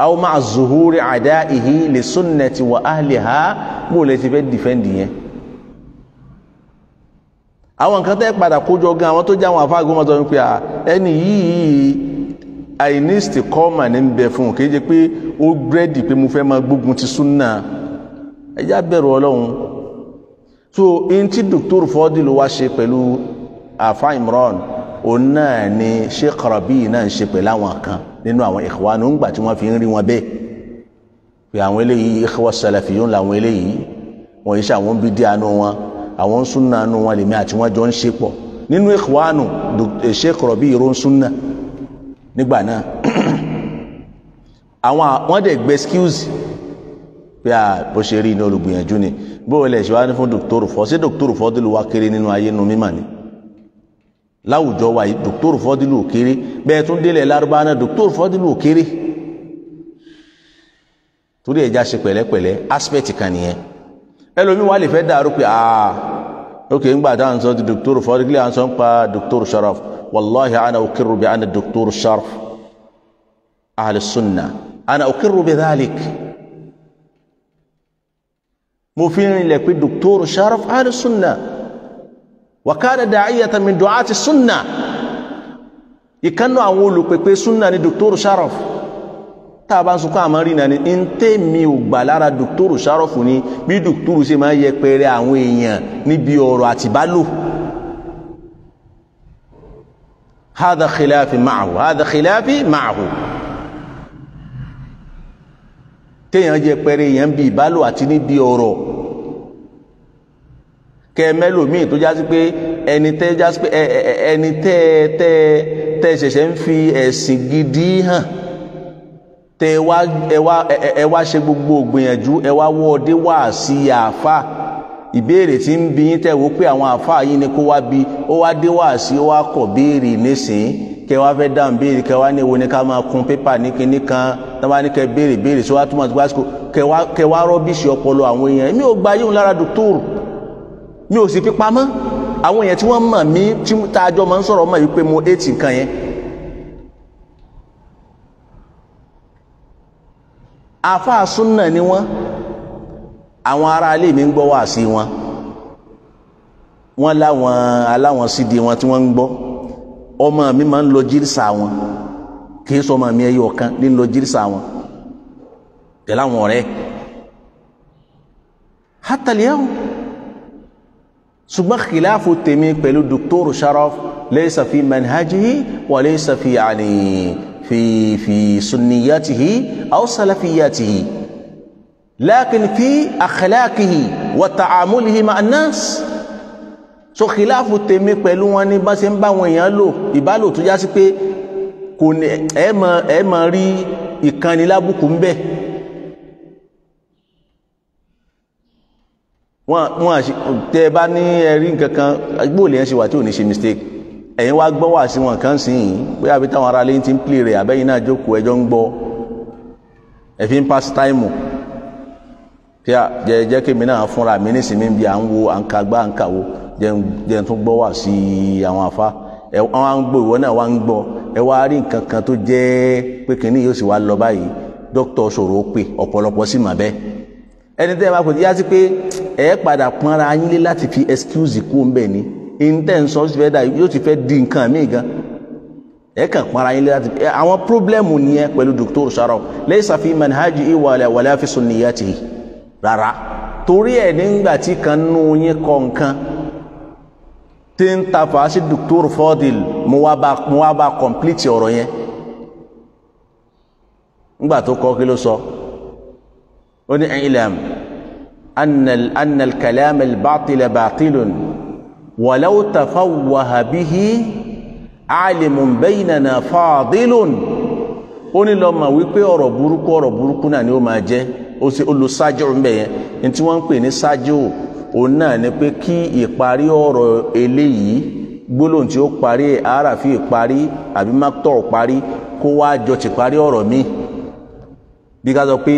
aw ma zuhuri adaihi le sunnati wa ahliha bó lè ti yẹn àwọn nǹkan tẹ́ padà kójọ gan àwọn tó jẹ́ àwọn àfáàgbọ́n eni yi pé ẹni yìí àìní ní bẹ fún un kì í ṣe pé ó gbẹ́dì pé mo fẹ́ máa gbógun ti súnà ẹjá bẹ̀rù ọlọ́run so in tí ló wá Imran òun náà ni Sheikh Rabi náà ń ṣe pẹ̀lú àwọn kan nínú àwọn Ikhwanu ńgbà tí wọ́n fi ń rí wọn bẹ́ẹ̀ pé àwọn eléyìí Ikhwa Salafiyun làwọn eléyìí wọ́n yìí ṣe àwọn bí dí àánú wọn àwọn súnà àánú wọn lèmi àti wọn jọ ń ṣe pọ̀ nínú Ikhwanu Sheikh Rabi ìró ń súnà nígbà náà àwọn wọ́n dẹ̀ gbé skills bí a bó ṣe rí ní olùgbìyànjú ni bó o lè ṣe wá ní fún dòkítọ́rù fọ́ sí dòkítọ́rù fọ́ tó lè wá kéré nínú ayé nu mímà ni láwùjọ wa yìí dòkítọ́rù fọ́dílù òkèrè bẹ́ẹ̀ tún délẹ̀ lárúbá náà dòkítọ́rù fọ́dílù òkèrè torí ẹja ṣe pẹ̀lẹ́pẹ̀lẹ́ aspect kan nìyẹn ẹlòmíì wà lè fẹ́ dàrú pé aa ok ngbà tá à ń sọ ti dòkítọ́rù fọ́dílù à ń sọ ń pa dòkítọ́rù sharaf wàláhi àna òkèrò bí àna dòkítọ́rù sharaf ahli sunna àna òkèrò bí dhalik mo fi ń rìn lẹ̀ pé dòkítọ́rù sharaf ahli wàkàdà da'iyata min du'ati súnà ìkánú àwọn olùpẹ̀pẹ̀ súnà ni dr sharof tá a bá ń sunkún àmọ́ rí nani ń tẹ́ mi ò gbà lára dr sharof ni bí dr ṣe máa ń yẹpẹrẹ àwọn èèyàn níbi ọ̀rọ̀ àtìbálò hada khilafi ma'ahu hada khilafi ma'ahu téèyàn yẹpẹrẹ èèyàn bí ìbálò àti níbi ọ̀rọ̀ kẹ mẹlòmíì tó jásí pé ẹni tẹ jásí pé ẹ ẹ ẹni tẹ tẹ tẹ ṣẹ̀ṣẹ̀ ń fi ẹ̀sìn gidi hàn tẹ ẹ wá ẹ wá ẹ wá ṣe gbogbo ògbìyànjú ẹ wá wọ ọdẹ wá sí àáfà ìbéèrè tí ń bi yín tẹ wò pé àwọn àáfà yìí ni kó wá bi ó wá dé wá sí ó wá kọ béèrè nísìnyí kẹ wá fẹ́ dáhùn béèrè kẹ wá ní ewo ní ká máa kun pépà ní kinní kan tá bá ní kẹ béèrè béèrè sí wá túmọ̀ sí pásítọ̀ kẹ wá kẹ wá rọ́bìṣì ọpọlọ àwọn èèyàn èmi ò gba yíyún lára dòtóró mi ò sì fi pamọ́ àwọn èèyàn tí wọ́n mọ̀ mí tí tààjọ́ máa ń sọ̀rọ̀ mọ̀ wípé mo éètì nǹkan yẹn àfáà súnà ni wọ́n àwọn ará ilé mi ń gbọ́ wá sí wọn wọ́n láwọn aláwọn sídi wọn tí wọ́n ń gbọ́ ọmọ mi máa ń lọ jírísà wọn kì í sọ ọmọ mi ẹyọ kan ní lọ jírísà wọn tẹ̀láwọn ọ̀rẹ́ hátàlíyàwó ṣùgbọ́n kìláàfù tèmi pẹ̀lú dr sharaf laysa fi manhajihi wa laysa fi àní fi fi sunniyatihi aw salafiyatihi lakin fi akhlaqihi wa ta'amulihi ma'a an-nas so kìláàfù tèmi pẹ̀lú wọn ní bá ṣe ń bá àwọn èèyàn lò ìbálò tó já sí pé kò ní ẹ rí ìkànnì lábùkù ń bẹ́ẹ̀ wọ́n tẹ́ bá ní ẹ̀rí kankan gbóòlì yẹn ṣe wà tí ò ní ṣe mistake ẹ̀yin wá gbọ́ wá sí wọn kan sí yìí bóyá àbí táwọn ará lẹ́yìn ti ń pè rẹ̀ àbẹ́yìn náà jókòó ẹjọ́ ń gbọ́ ẹ ń pass time kí a jẹ jẹ́ kí mi náà fúnra mi ní sinmi bí à ń wo à ń ka gbá à ń kàwó jẹ́ ń tún gbọ́ wá sí àwọn afá ẹ wọ́n á ń gbọ́ ìwọ náà wá ń gbọ́ ẹ wá rí nǹkan kan tó jẹ́ pé kínní yóò sì wá lọ báyìí dókítà sọ̀rọ̀ ó pè ọ̀pọ̀lọpọ̀ sì mà bẹ́ẹ̀ ẹni tẹ́ ẹ máa pè yá sí pé ẹ padà pọnra yín lé fi kú ni intention ti fẹ́ dà yóò ti di nǹkan gan ẹ kàn pọnra yín láti ẹ àwọn Dr. fi manhajihi wala fi sunniyatihi rárá torí ẹ̀ nígbà tí kan nù yín kọ nǹkan tí ń ta fàásì Dr. fordil mo wá bá complete sọ ó ní ilẹ̀ أن أن الكلام الباطل باطل ولو تفوه به عالم بيننا فاضل ó ní lọ́ọ́ wípé ọ̀rọ̀ burúkú ọ̀rọ̀ burúkú náà ni ó máa jẹ́ olùsájò ńbẹ yẹn ní tí wọ́n ń pè ní sájò òun náà ni pé kí ìparí ọ̀rọ̀ eléyìí gbólóhùn tí ó parí àràfi ìparí àbí mákítọ̀ parí kó wá jọ ti parí ọ̀rọ̀ míì bí ká sọ pé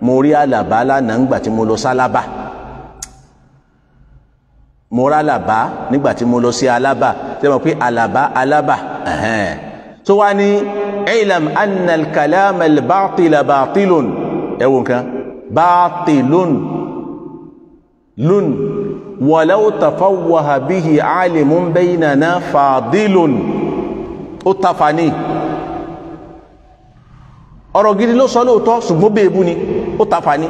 mo rí àlàbá lánàá ńgbà tí mo lọ sálábà mo rí àlàbá nígbà tí mo lọ sí alábà tí wọ́n pè àlàbá alábà tó wá ní ilam annal kalam albaatila baatilun ẹ wo nǹkan baatilun lun walaw tafawwaha bihi alimun baynana fadilun ó tafa ní ọ̀rọ̀ gidi ló sọ lóòótọ́ ṣùgbọ́n bèèbú ni ó tafa ni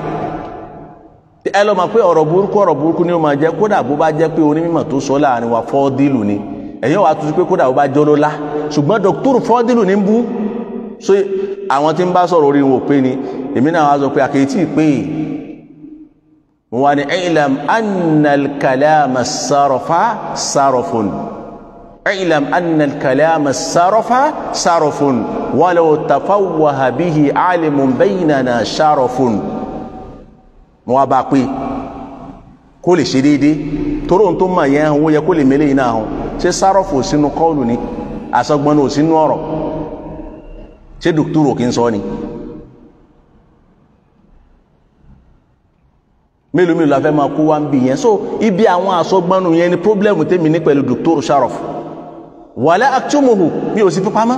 ẹ lọ mọ̀ pé ọ̀rọ̀ burúkú ọ̀rọ̀ burúkú ni ó máa jẹ́ kódà bó bá jẹ́ pé onímọ̀ tó sọ láàrin wa fọ́ọ́dìlù ni ẹ̀yìn wa tuntun pé kódà bó bá jọ ló la ṣùgbọ́n dọ́kítọ́rù fọ́ọ́dìlù ni ń bú so àwọn tí ń bá sọ̀rọ̀ orí wọn ò pé ni èmi náà wá sọ pé àkèétí pé wọn ilam anna kalama as-sarfa اعلم أن الكلام السرف سرف ولو تفوه به عالم بيننا شرف mo wá bá a pé kó lè ṣe déédéé toró ohun tó mà yẹn hàn ó yẹ kó lè mélé yìí náà hàn ṣé sárọ̀fù ò sínú kọ́ọ̀lù ni àsọgbọ́n ò sínú ọ̀rọ̀ ṣé dùkúrò kì í ni. mélòó la fẹ́ máa kó wá ń bì yẹn so ibi àwọn àsọgbọ́n yẹn ni pírọ́blẹ́mù tèmi ní pẹ̀lú dùkúrò sárọ̀fù wàlá àtúmòhù bí ò sí pípamọ́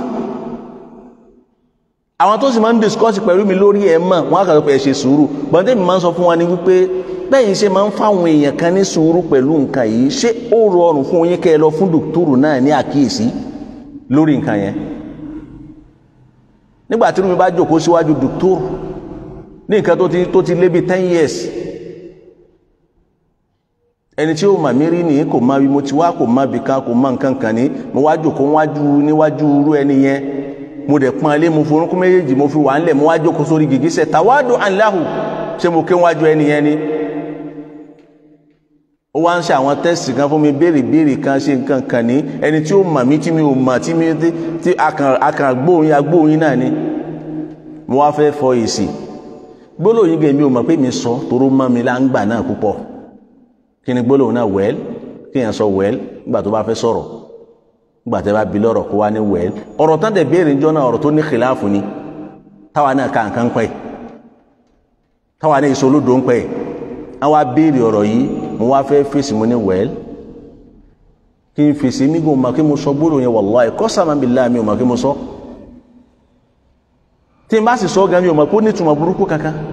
àwọn tó sì máa ń discuss pẹ̀lú mi lórí ẹ̀ mọ̀ wọ́n á kà sọ pé ẹ ṣe sùúrù bọ́n tẹ́mi máa ń sọ fún wa ni wípé bẹ́yìn ṣe máa ń fáwọn èèyàn kan ní sùúrù pẹ̀lú nǹkan yìí ṣé ó rọrùn fún yín kẹ́ ẹ lọ fún dòkítọ́rù náà ní àkíyèsí lórí nǹkan yẹn nígbà tí mi bá jókòó síwájú dòkítọ́rù ní nǹkan tó ti lé bíi ten years ẹni tí ó mà mí rí nìyí kò má bí mo ti wá kò má bì kan kò má nǹkan kan ní mo wá jòkó wájú níwájú irú ẹni yẹn mo dẹ̀ pọn alẹ́ mo forúnkún méjèèjì mo fi wà ńlẹ̀ mo wá jòkó sórí gìgísẹ̀ tàwádùn àńláhù ṣé mo ké wájú ẹni yẹn ni. ó wá ń ṣe àwọn tẹ́sì kan fún mi béèrè béèrè kan ṣe nǹkan kan ní ẹni tí ó mà mí tí mi ò mà tí mi tí akàn agbóyin agbóyin náà ni mo wá fẹ́ fọ èsì gbólóyin gẹ̀ mi ò mọ̀ pé mi sọ toró mọ́ kí ni gbólóhùn náà wẹ́ẹ́l kí yẹn sọ wẹ́ẹ́l nígbà tó bá fẹ́ sọ̀rọ̀ nígbà tó bá bi lọ́rọ̀ kó wá ní wẹ́ẹ́l ọ̀rọ̀ tán dẹ̀ béèrè jọ náà ọ̀rọ̀ tó ní kìláàfù ni táwa náà ka nǹkan pẹ́ táwa náà iṣẹ́ olódò ń pẹ́ àwa béèrè ọ̀rọ̀ yìí mo wá fẹ́ fèsì mo ní wẹ́ẹ́l kí n fèsì mí gùn mà kí mo sọ gbólóhùn yẹn wàláì kọ́sàmà billahi mi ò mà kí mo sọ tí n bá sì sọ gan mi ò mà kó nítumọ̀ burúkú kankan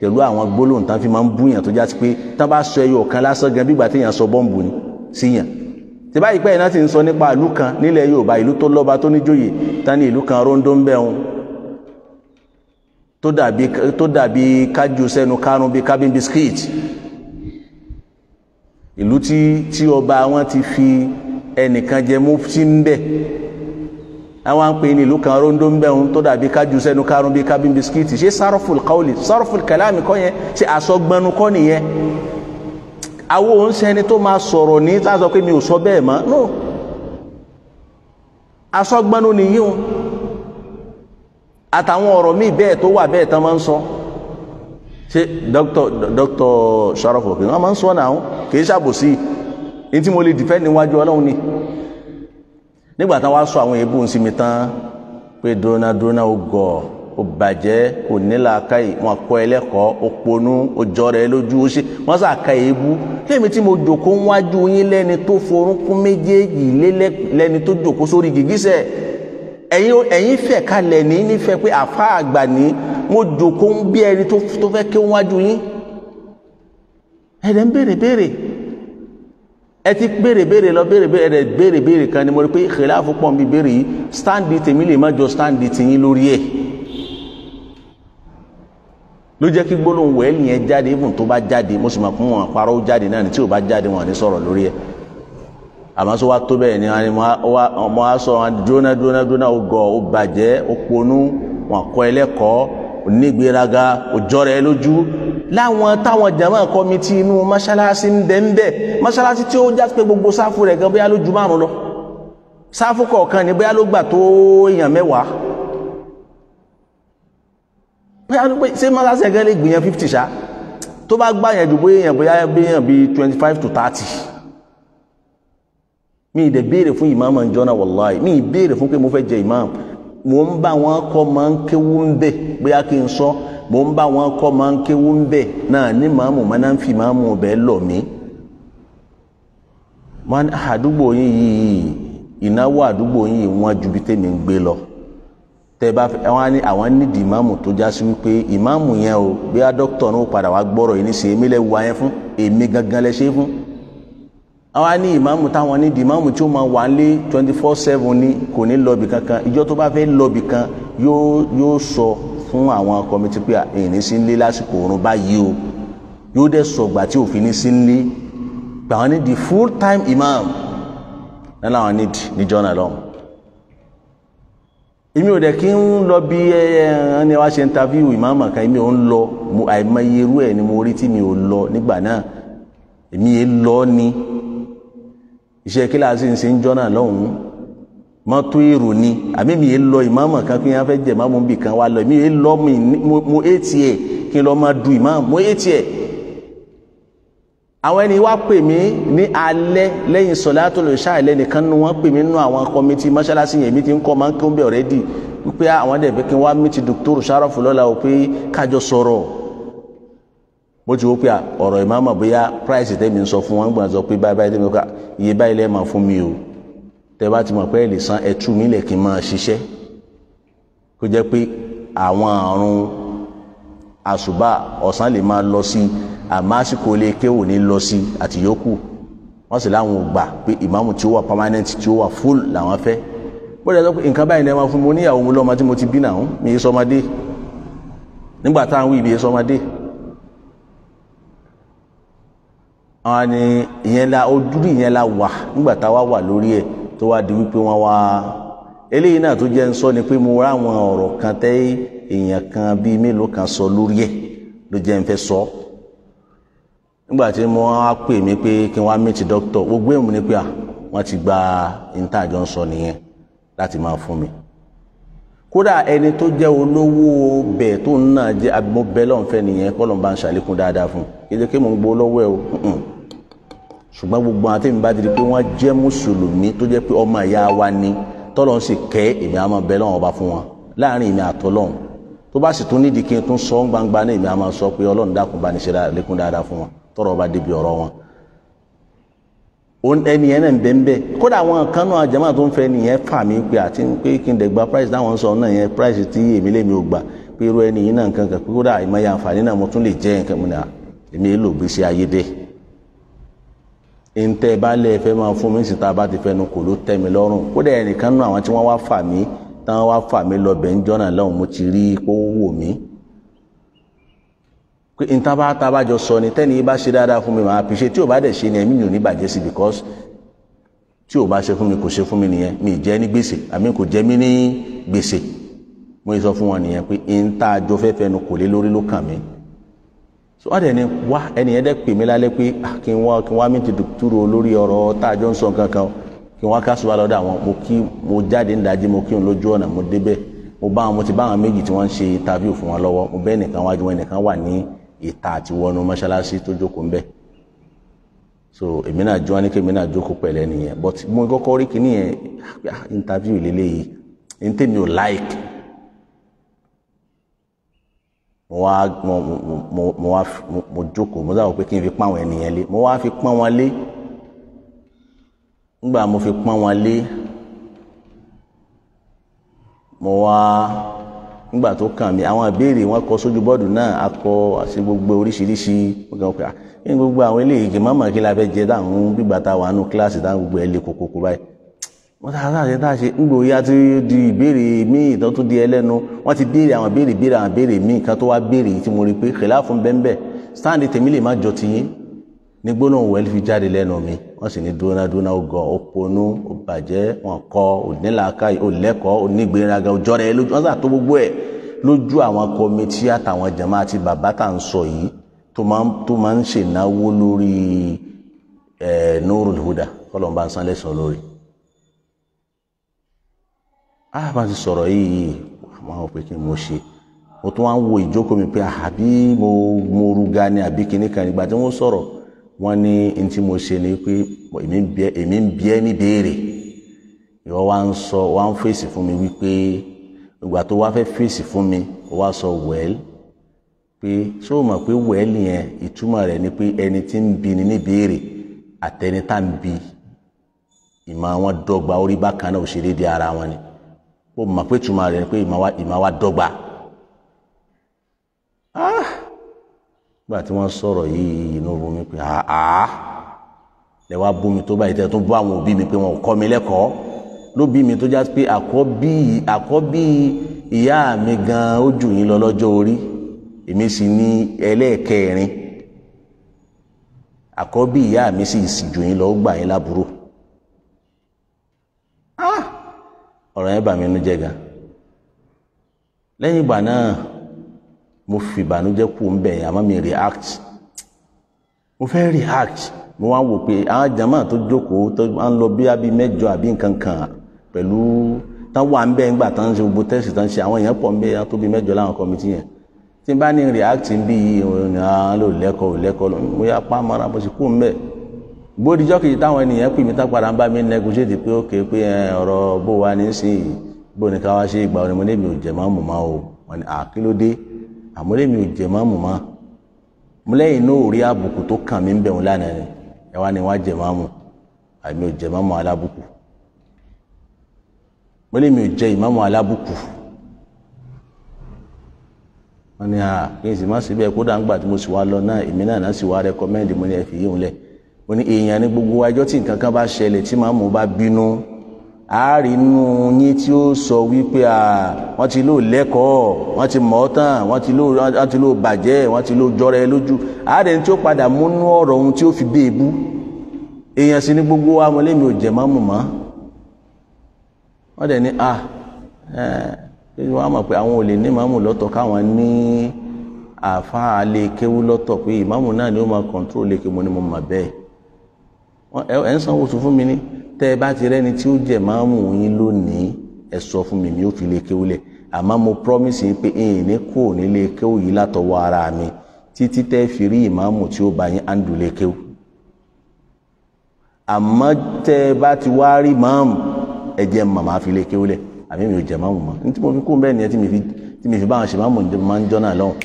pẹ̀lú àwọn gbólóhùn tán fi máa ń búyàn tó jásí pé tán bá sọ ẹyọ kan lásán gan bí ìgbà téèyàn sọ bọ́ǹbù ni síyàn tí báyìí pẹ́yìn náà ti ń sọ nípa ìlú kan nílẹ̀ Yorùbá ìlú tó lọ́ba tó níjòyè tán ní ìlú kan róńdó ń bẹ̀ wọn tó dàbí tó dàbí kájú sẹ́nu kárùn bíi cabin biscuit ìlú tí tí ọba wọn ti fi ẹnìkan jẹ mufti ń bẹ̀ àwọn àpè ní ìlú kan rondo ń bẹ̀rù tó dàbí kájú sẹ́nu karùn bíi kábín bisikíìtì ṣé sáròfùl káwọlì sáròfùl kàlámì kọ́ yẹn ṣe àsọgbọnú kọ́ nìyẹn àwọn òun sẹni tó máa sọ̀rọ̀ ní sáàsọ pé mi ò sọ bẹ́ẹ̀ mọ́ no àsọgbọnú nìyí o àtàwọn ọ̀rọ̀ míì bẹ́ẹ̀ tó wà bẹ́ẹ̀ tán máa ń sọ ṣe dókítọ̀ dókítọ̀ sáròfùl kì wọ́n máa ń sọ náà kì í ṣàbòsí ní tí mo lè dìfẹ́ níwájú ọlọ́run ni nígbà táwọn aṣọ àwọn èébú ń sinmi tán pé dúróná dúróná ó gọ̀ ó bàjẹ́ kò nílà káyì wọn kọ́ ẹlẹ́kọ̀ọ́ ó ponú ó jọrọ ẹ lójú ó ṣe wọ́n sà ka èébú lẹ́mi tí mo jòkó wájú yín lẹ́ni tó forúnkún méjèèjì lẹ́ni tó jòkó sórí gìgísẹ̀ ẹ̀yin ẹ̀yin fẹ́ kalẹ̀ ní nífẹ̀ẹ́ pé àfa àgbà ní mo jòkó bí ẹni tó fẹ́ kí wọ́n wájú yín ẹ̀rẹ̀ ń béèrè béèrè ẹ ti béèrè béèrè lọ béèrè béèrè rẹ béèrè béèrè kan ni mo rí pé khilafu pọ̀ nbí béèrè yìí stáǹdì tèmi lè má jọ stáǹdì tìyín lórí ẹ̀ ló jẹ́ kí gbólóhùn wẹ́ẹ̀lì yẹn jáde even tó bá jáde mo sì mọ̀ fún wọn parọ́ jáde náà ni tí ò bá jáde wọn ní sọ̀rọ̀ lórí ẹ̀ àmọ́ sọ wá tó bẹ́ẹ̀ ni ọmọ wa sọ wọn jóná jóná jóná ó gọ̀ ó bàjẹ́ ó ponú wọn kọ́ ẹlẹ́kọ̀ọ́ onígbéraga òjọ́rẹ́ lójú láwọn táwọn jàmọ́ kọmitì inú mọ́ṣáláṣí ń bẹ ń bẹ mọ́ṣáláṣí tí ó já pé gbogbo sáfù rẹ̀ gan bóyá ló ju márùn lọ sáfù kọ̀ọ̀kan ni bóyá ló gbà tó èèyàn mẹ́wàá bóyá ló pé ṣé mọ́ṣáláṣí ẹ̀gẹ́ lè gbìyàn fifty ṣá tó bá gbà yẹn ju bóyá èèyàn bóyá èèyàn bíi to 30 mi ì dẹ̀ béèrè fún ìmáàmù ìjọ́nà wàláì mi ì béèrè fún pé mo fẹ́ jẹ ìmáàmù mo ń bá wọn kọ́ máa ń kéwú ń bẹ̀ bóyá kí n sọ mò ń bá wọn kọ́ máa ń kéwú ń bẹ̀ náà ní màámù máa ń fi màámù bẹ́ẹ̀ lọ̀ mí. wọn ah, àdúgbò yín yìí ìnáwó àdúgbò yín yìí wọ́n ju bí tèmi ń gbé lọ tẹ bá fẹ́ àwọn nídìí ìmáàmù tó já sí wípé ìmáàmù yẹn o bí a dókítà náà padà wá gbọ́rọ̀ yìí ní sè émi wá yẹn fún èmi gangan lẹ ṣe fún àwọn ní ìmáàmù táwọn nídìí ìmáàmù tí ó máa wà lé twenty four seven ni kò ní lọ́ọ̀bì kankan ìjọ tó bá fẹ́ lọ́ọ̀bì kan yóò yóò sọ fún àwọn kọmitì pé èyí sí ń lé lásìkò oorun báyìí o yóò dẹ̀ sọ̀gbà tí òfin ní sí ń lé gbà wọn ní the full time imam náà làwọn need níjọ́ náà lọ́hùn. èmi ò dẹ̀ kí ń lọ bí ẹ ẹ ní wàá ṣe interview imam kan èmi ò ń lọ àìmọye irú ẹ̀ ni mo rí tí mi ò lọ nígbà náà èmi yẹn lọ ni iṣẹ́ kíláàsì ń ṣe ń jọ́ lọ́hùn-ún mọ́tò èrò ni àmì mi yé lọ ìmáàmù kan kí wọ́n fẹ́ jẹ ìmáàmù bì kan wá lọ mi yé lọ mo éti ẹ̀ kí n lọ máa du ìmáàmù mo éti ẹ̀ àwọn ẹni wá pè mí ní alẹ́ lẹ́yìn sọ̀láàtò lè ṣáà lẹ́nìkan nu wọ́n pè mí nínú àwọn kọ́mítì mọ́ṣáláṣí yẹn mi ti ń kọ́ máa ń kí ń bẹ̀ ọ̀rẹ́dì wípé ah, àwọn ẹ̀dẹ̀ pé kí n wá mí ti dòkítọ́rù Sharafu lọ́la o pé kájọ sọ̀rọ̀ bó ti wó pé ah, ọ̀rọ̀ ìmáàmù bóyá price tẹ́mi ń sọ fún wọn gbọ́n sọ pé báyìí tẹ́mi tẹ bá ti mọ̀ pé ẹ lè san ẹtú mi lẹ̀ kí n máa ṣiṣẹ́ kó jẹ́ pé àwọn àrùn àṣùbà ọ̀sán lè máa lọ sí àmọ́ àsìkò ilé kéwò ní lọ sí àti yòókù wọ́n sì láwọn ò pé ìmáàmù tí ó wà permanent tí ó wà full làwọn fẹ́ bóyá sọ pé nǹkan báyìí lẹ́ẹ̀ máa fún mi oníyàwó mi lọ́mọ tí mo ti bí náà mi yé sọmọdé nígbà táwọn wí ibi yé sọmọdé àwọn ni ìyẹn la ojú ìyẹn la wà nígbà táwa wà lórí ẹ̀ tó wá di wípé wọ́n wá eléyìí náà tó jẹ́ ń sọ ni pé mo rá àwọn ọ̀rọ̀ kan tẹ́ èèyàn kan bíi mélòó kan sọ lórí ẹ̀ ló jẹ́ ń fẹ́ sọ nígbà tí mo wá pè mí pé kí n wá meet doctor gbogbo èèmù ni pé à wọ́n ti gba ìntàjọ ń sọ nìyẹn láti máa fún mi kódà ẹni tó jẹ́ olówó bẹ̀ tó ń náà jẹ́ abimobẹ́lọ́nfẹ́ nìyẹn kọ́ ló ń ń ṣàlékún dáadáa fún kí ẹ jẹ́ kí mò ń gbọ́ lọ́wọ́ ẹ o ṣùgbọ́n gbogbo àwọn tẹ́mi bá ti di pé wọ́n jẹ́ mùsùlùmí tó jẹ́ pé ọmọ ìyá wa ni tọ́lọ́n sì kẹ́ èmi àmọ́ bẹ́ẹ̀ lọ́wọ́ ọba fún wọn láàrin èmi àtọ́lọ́hún tó bá sì tún nídìí kí n tún sọ gbangba ní èmi àmọ́ sọ pé ọlọ́run dákun bá ní ṣe lékún dáadáa fún wọn tọ́rọ̀ ọba débi ọ̀rọ̀ wọn ẹni yẹn náà bẹ́ẹ̀ kódà àwọn kan náà jẹ́mọ́ tó ń fẹ́ nìyẹn fà mí pé àti pé price táwọn sọ náà price tí èmi lèmi ò gbà pé irú ẹni yìí náà nǹkan kan pé kódà ìmọ̀ yẹn àǹfààní ntẹ bá lẹ fẹ máa fún mi síta bá ti fẹnu kò ló tẹ́ mi lọ́rùn kódà ẹnìkan nù àwọn tí wọ́n wá fà mí táwọn wá fà mí lọbẹ ń jọ́nà lọ́hùn mo ti rí kó wò mí pé ntaba tabajọ sọ ni tẹ́ni bá ṣe dáadáa fún mi màá fi ṣe tí o bá dẹ̀ ṣe ni ẹ̀mí mi ò ní bàjẹ́ sí because tí o bá ṣe fún mi kò ṣe fún mi nìyẹn mi jẹ́ ní gbèsè àmì kò jẹ́ mí ní gbèsè mo sọ fún wọn nìyẹn pé ntàjọ fẹ́ fẹnu kò lé lórí ló kàn mí so wọn dẹ̀ ni wá ẹni yẹn dẹ̀ pè mí lálẹ́ pé kí n wá kí n wá mi ti dùkúrò lórí ọ̀rọ̀ tá a jọ ń sọ nǹkan kan kí n wá káṣù wa lọ́dọ̀ àwọn mo kí mo jáde ńdájí mo kí n lójú ọ̀nà mo débẹ̀ mo bá àwọn mo ti bá àwọn méjì tí wọ́n ń ṣe interview fún wọn lọ́wọ́ mo bẹ́ẹ̀ nìkan wájú wọn nìkan wà ní ìta àti wọnú mọ́ṣáláṣí tó jókòó ńbẹ̀ so èmi náà jọ ní kí èmi náà jókòó pẹ̀lẹ́ nìyẹn but mo kọ́kọ́ rí kíní yẹn interview lélẹ́yìí ní like mo wá mo mo mo wá mo jókòó mo sábà pé kí n fi pọ́n àwọn ènìyàn lé mo wá fi pọ́n wọn lé nígbà mo fi pọ́n wọn lé mo wá nígbà tó kàn mí àwọn ìbéèrè wọn kọ sójú bọ́ọ̀dù náà a kọ àti gbogbo oríṣiríṣi mo kàn pé à ah, gbogbo àwọn eléyìí kì í má mà kí la fẹ́ jẹ dáhùn gbígbà tá a wà nù kíláàsì dáhùn gbogbo ẹ̀ lé kókó báyìí wọ́n ah, tá a sáàṣe tá a ṣe ńgbò ya ti di ìbéèrè míì ìtàn tó di ẹlẹ́nu wọ́n ti béèrè àwọn béèrè béèrè àwọn béèrè míì kan tó wá béèrè tí mo rí pé kẹlá fún bẹ́ńbẹ́ sáàndì tèmi lè má jọ tiyín ní gbólóhùn wẹ́ẹ́lì fi jáde lẹ́nu mi wọ́n sì ní dúnadúná ogan òponú òbàjẹ́ wọn kọ onílàáká olẹ́kọ̀ọ́ onígbéraga òjọ́rẹ́ lójú wọn sà tó gbogbo ẹ̀ lójú àwọn kọ́mítì àtàwọn jàmá àti bàbá tá à ń sọ yìí tó máa ń ṣènáwó lórí ẹ̀ eh, Nurul ah bá ti sọ̀rọ̀ yìí àwọn àwọn pé kí mo ṣe mo tún wá ń wo ìjókòó mi pé ah, àbí mo mo ruga ni àbí kíní kan nígbà tí wọ́n sọ̀rọ̀ wọ́n ní n tí mo ṣe ni pé èmi ń bẹ èmi ń bí ẹni béèrè ìwọ wá ń sọ wá ń fèsì fún mi wípé ìgbà tó wá fẹ́ fèsì fún mi ó wá sọ wẹ́ẹ́lì pé ṣé o mọ̀ pé wẹ́ẹ́lì yẹn ìtumọ̀ rẹ̀ ni pé ẹni tí ń bi ni ní béèrè àtẹni ń bi ìmọ̀ àwọn dọ́gba orí bákan náà ò ṣe déédéé ara wọn ni kó mọ̀ pé tuma rẹ̀ pé ìmọ̀ wa dọ́gba ah! nígbà tí wọ́n sọ̀rọ̀ yìí inú ru mi pé àá lẹ wá bú mi tó báyìí tẹ́ tó bú àwọn òbí mi pé wọn ò kọ́ mi lẹ́kọ̀ọ́ ló bí mi tó já pé àkọ́bí ìyá mi gan ó jù lọ lọ́jọ́ orí èmi sì ní ẹlẹ́ẹ̀kẹrin àkọ́bí ìyá mi sì sì jù yín lọ ó gbà yín lábúrò ọ̀rọ̀ yẹn bà mí nú jẹ́ gan lẹ́yìn ìgbà náà mo fi ìbànújẹ́ kù ń bẹ̀ yẹn àmọ́ mi react mo fẹ́ react mo wá wò pé àwọn jama tó jókòó tó máa ń lọ bí abí mẹ́jọ àbí nǹkan kan pẹ̀lú tán wà ń bẹ̀ ńgbà tán ń ṣe gbogbo tẹ́sì tán ṣe àwọn èèyàn pọ̀ ń bẹ̀ yẹn tó bí mẹ́jọ láwọn kọ́mítì yẹn tí n bá ní react ń bí yìí ọ̀nà lò lẹ́kọ̀ọ́ lẹ́kọ̀ọ́ mo yà pa mara mo sì kú ń bẹ̀ gbódìjọ́ kejì táwọn ènìyàn pè mí tá padà ń bá mi nẹgùsíèdì pé ókè pé ọ̀rọ̀ bó wa ní sìn bó ní ká wá ṣe ìgbà onímọ̀ lèmi ò jẹ̀ máa mú ma o wọn ni àkílódé àmọ́ lèmi ò jẹ̀ máa mú ma mo lẹ́yìn náà ò àbùkù tó kàn mí ń bẹ̀ wọn lánàá ni ẹ wá ní wá jẹ̀ máa mú àmì ò jẹ̀ máa mú alábùkù mo lèmi ò jẹ́ ìmáàmù alábùkù wọn ni à kí n sì má síbẹ̀ kódà ń gbà tí mo sì wá lọ náà èmi náà náà sì wá rẹkọmẹ́ndì mo ní ẹ fi yíhun lẹ̀ ó ní èèyàn ní gbogbo wa ẹjọ́ tí nǹkan kan bá ṣẹlẹ̀ tí màmú bá bínú àárínú yín tí ó sọ wípé à wọ́n ti lò lẹ́kọ̀ọ́ wọ́n ti mọ̀ ọ́ tán wọ́n ti lò wọ́n ti lò bàjẹ́ wọ́n ti lò jọra ẹ lójú àárẹ̀ tí ó padà múnú ọ̀rọ̀ ohun tí ó fi béèbú èèyàn sì ní gbogbo wa ò jẹ̀ mọ́mù mọ́ wọ́n dẹ̀ ní à ẹ̀ wọ́n á mọ̀ pé àwọn ò lè ní mọ́mù lọ́tọ̀ káwọn ní àfa àlè lọ́tọ̀ pé ìmáàmù náà ni ó máa kọ̀ǹtró lè ké mo ní mo mọ̀ bẹ́ẹ̀ ẹ ń sanwó oṣù fún mi ní tẹ́ ẹ bá ti rẹ́ni tí ó jẹ̀ máa ń mú yín lónìí ẹ sọ fún mi mi ò fi lè kéwú lẹ̀ àmọ́ mo promise pé ẹ̀yìn ní kò ní lè kéwú yìí látọwọ́ ara mi títí tẹ́ fi rí ìmáàmù tí ó bá yín àǹdù lè kéwú àmọ́ tẹ́ ẹ bá ti wá rí máàmù ẹ jẹ́ màmá fi lè kéwú lẹ̀ àmì mi ò jẹ̀ máàmù mọ́ ní tí mo fi kú bẹ́ẹ̀ ni ẹ tí mi fi báwọn ṣe máàmù máa ń jọ́ náà lọ́hùn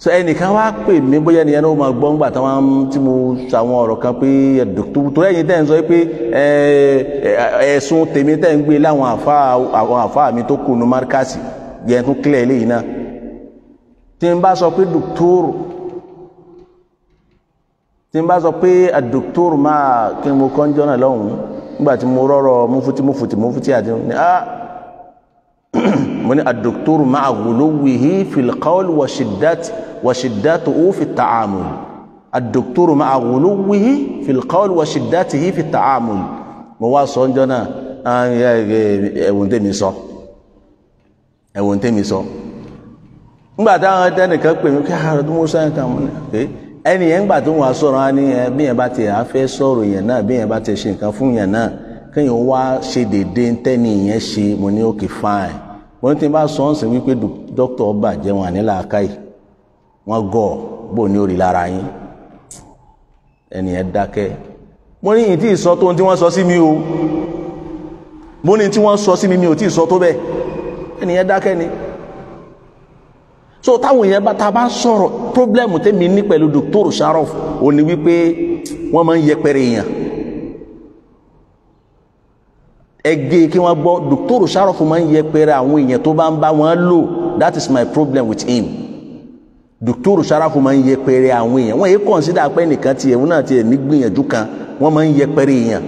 so ẹnìkan wá pè mí bóyá ẹnìyẹn náà máa gbọ́ ńgbà táwọn tí mo ṣàwọn ọ̀rọ̀ kan pé ẹ̀dọ̀tò tó lẹ́yìn tẹ́ ń sọ pé ẹ̀sùn tèmi tẹ́ ń gbé láwọn àfa àwọn àfa mi tó kùnú márkàsì yẹn tún kílẹ̀ eléyìí náà tí n bá sọ pé dòktóró tí n bá sọ pé àdòktóró máa kí n mo kọ́ ń jọ́nà lọ́hùn-ún nígbà tí mo rọ́rọ̀ mufuti mufuti mufuti àti ah mo ní adoktor máa guluwihi filqawl wàṣídàtò ó fi ta'amul adoktor máa guluwihi filqawl wàṣídàtò ó fi ta'amul mo wá sọ ọjọ́ náà ah, ẹ̀wọ̀n tèmi sọ ẹ̀wọ̀n tèmi sọ ngbà táwọn ẹnìkan pè mí kí ààrẹ tó mú sáyẹn kan mú ní ẹnìyẹn ngbà tó wọn sọ̀rọ̀ á ní bí yẹn bá ti àáfẹ́ sọ̀rọ̀ yẹn náà bí yẹn bá ti ṣe nǹkan fún yẹn náà kéèyàn wá ṣe déédé tẹ́ni ìyẹn ṣe mo ní òkè fáìn mo ní tí n bá sọ ọ́n sì wípé dókítà ọba jẹ́ wọn àní làákàyè wọn gọ̀ bò ní orí lára yín ẹnìyẹn dákẹ́ mo ní ìtì sọ tó ohun tí wọ́n sọ sí mi o mo ní tí wọ́n sọ sí mi mi ò tí ì sọ tó bẹ́ẹ̀ ẹnìyẹn dákẹ́ ni so táwọn èèyàn bá ta sọ̀rọ̀ problem tẹ́mi ní pẹ̀lú dr Sharof òní wípé wọ́n máa ń yẹpẹrẹ èèyàn ẹgbẹ́ e kí wọ́n gbọ́ dòkítọ́rù Sharafu máa ń yẹpẹrẹ àwọn èèyàn tó bá ń bá wọn lò that is my problem with him dòkítọ́rù Sharafu máa ń yẹpẹrẹ àwọn èèyàn wọ́n yìí consider pé nìkan tiẹ̀ wọn náà tiẹ̀ nígbìyànjú kan wọ́n máa ń yẹpẹrẹ èèyàn.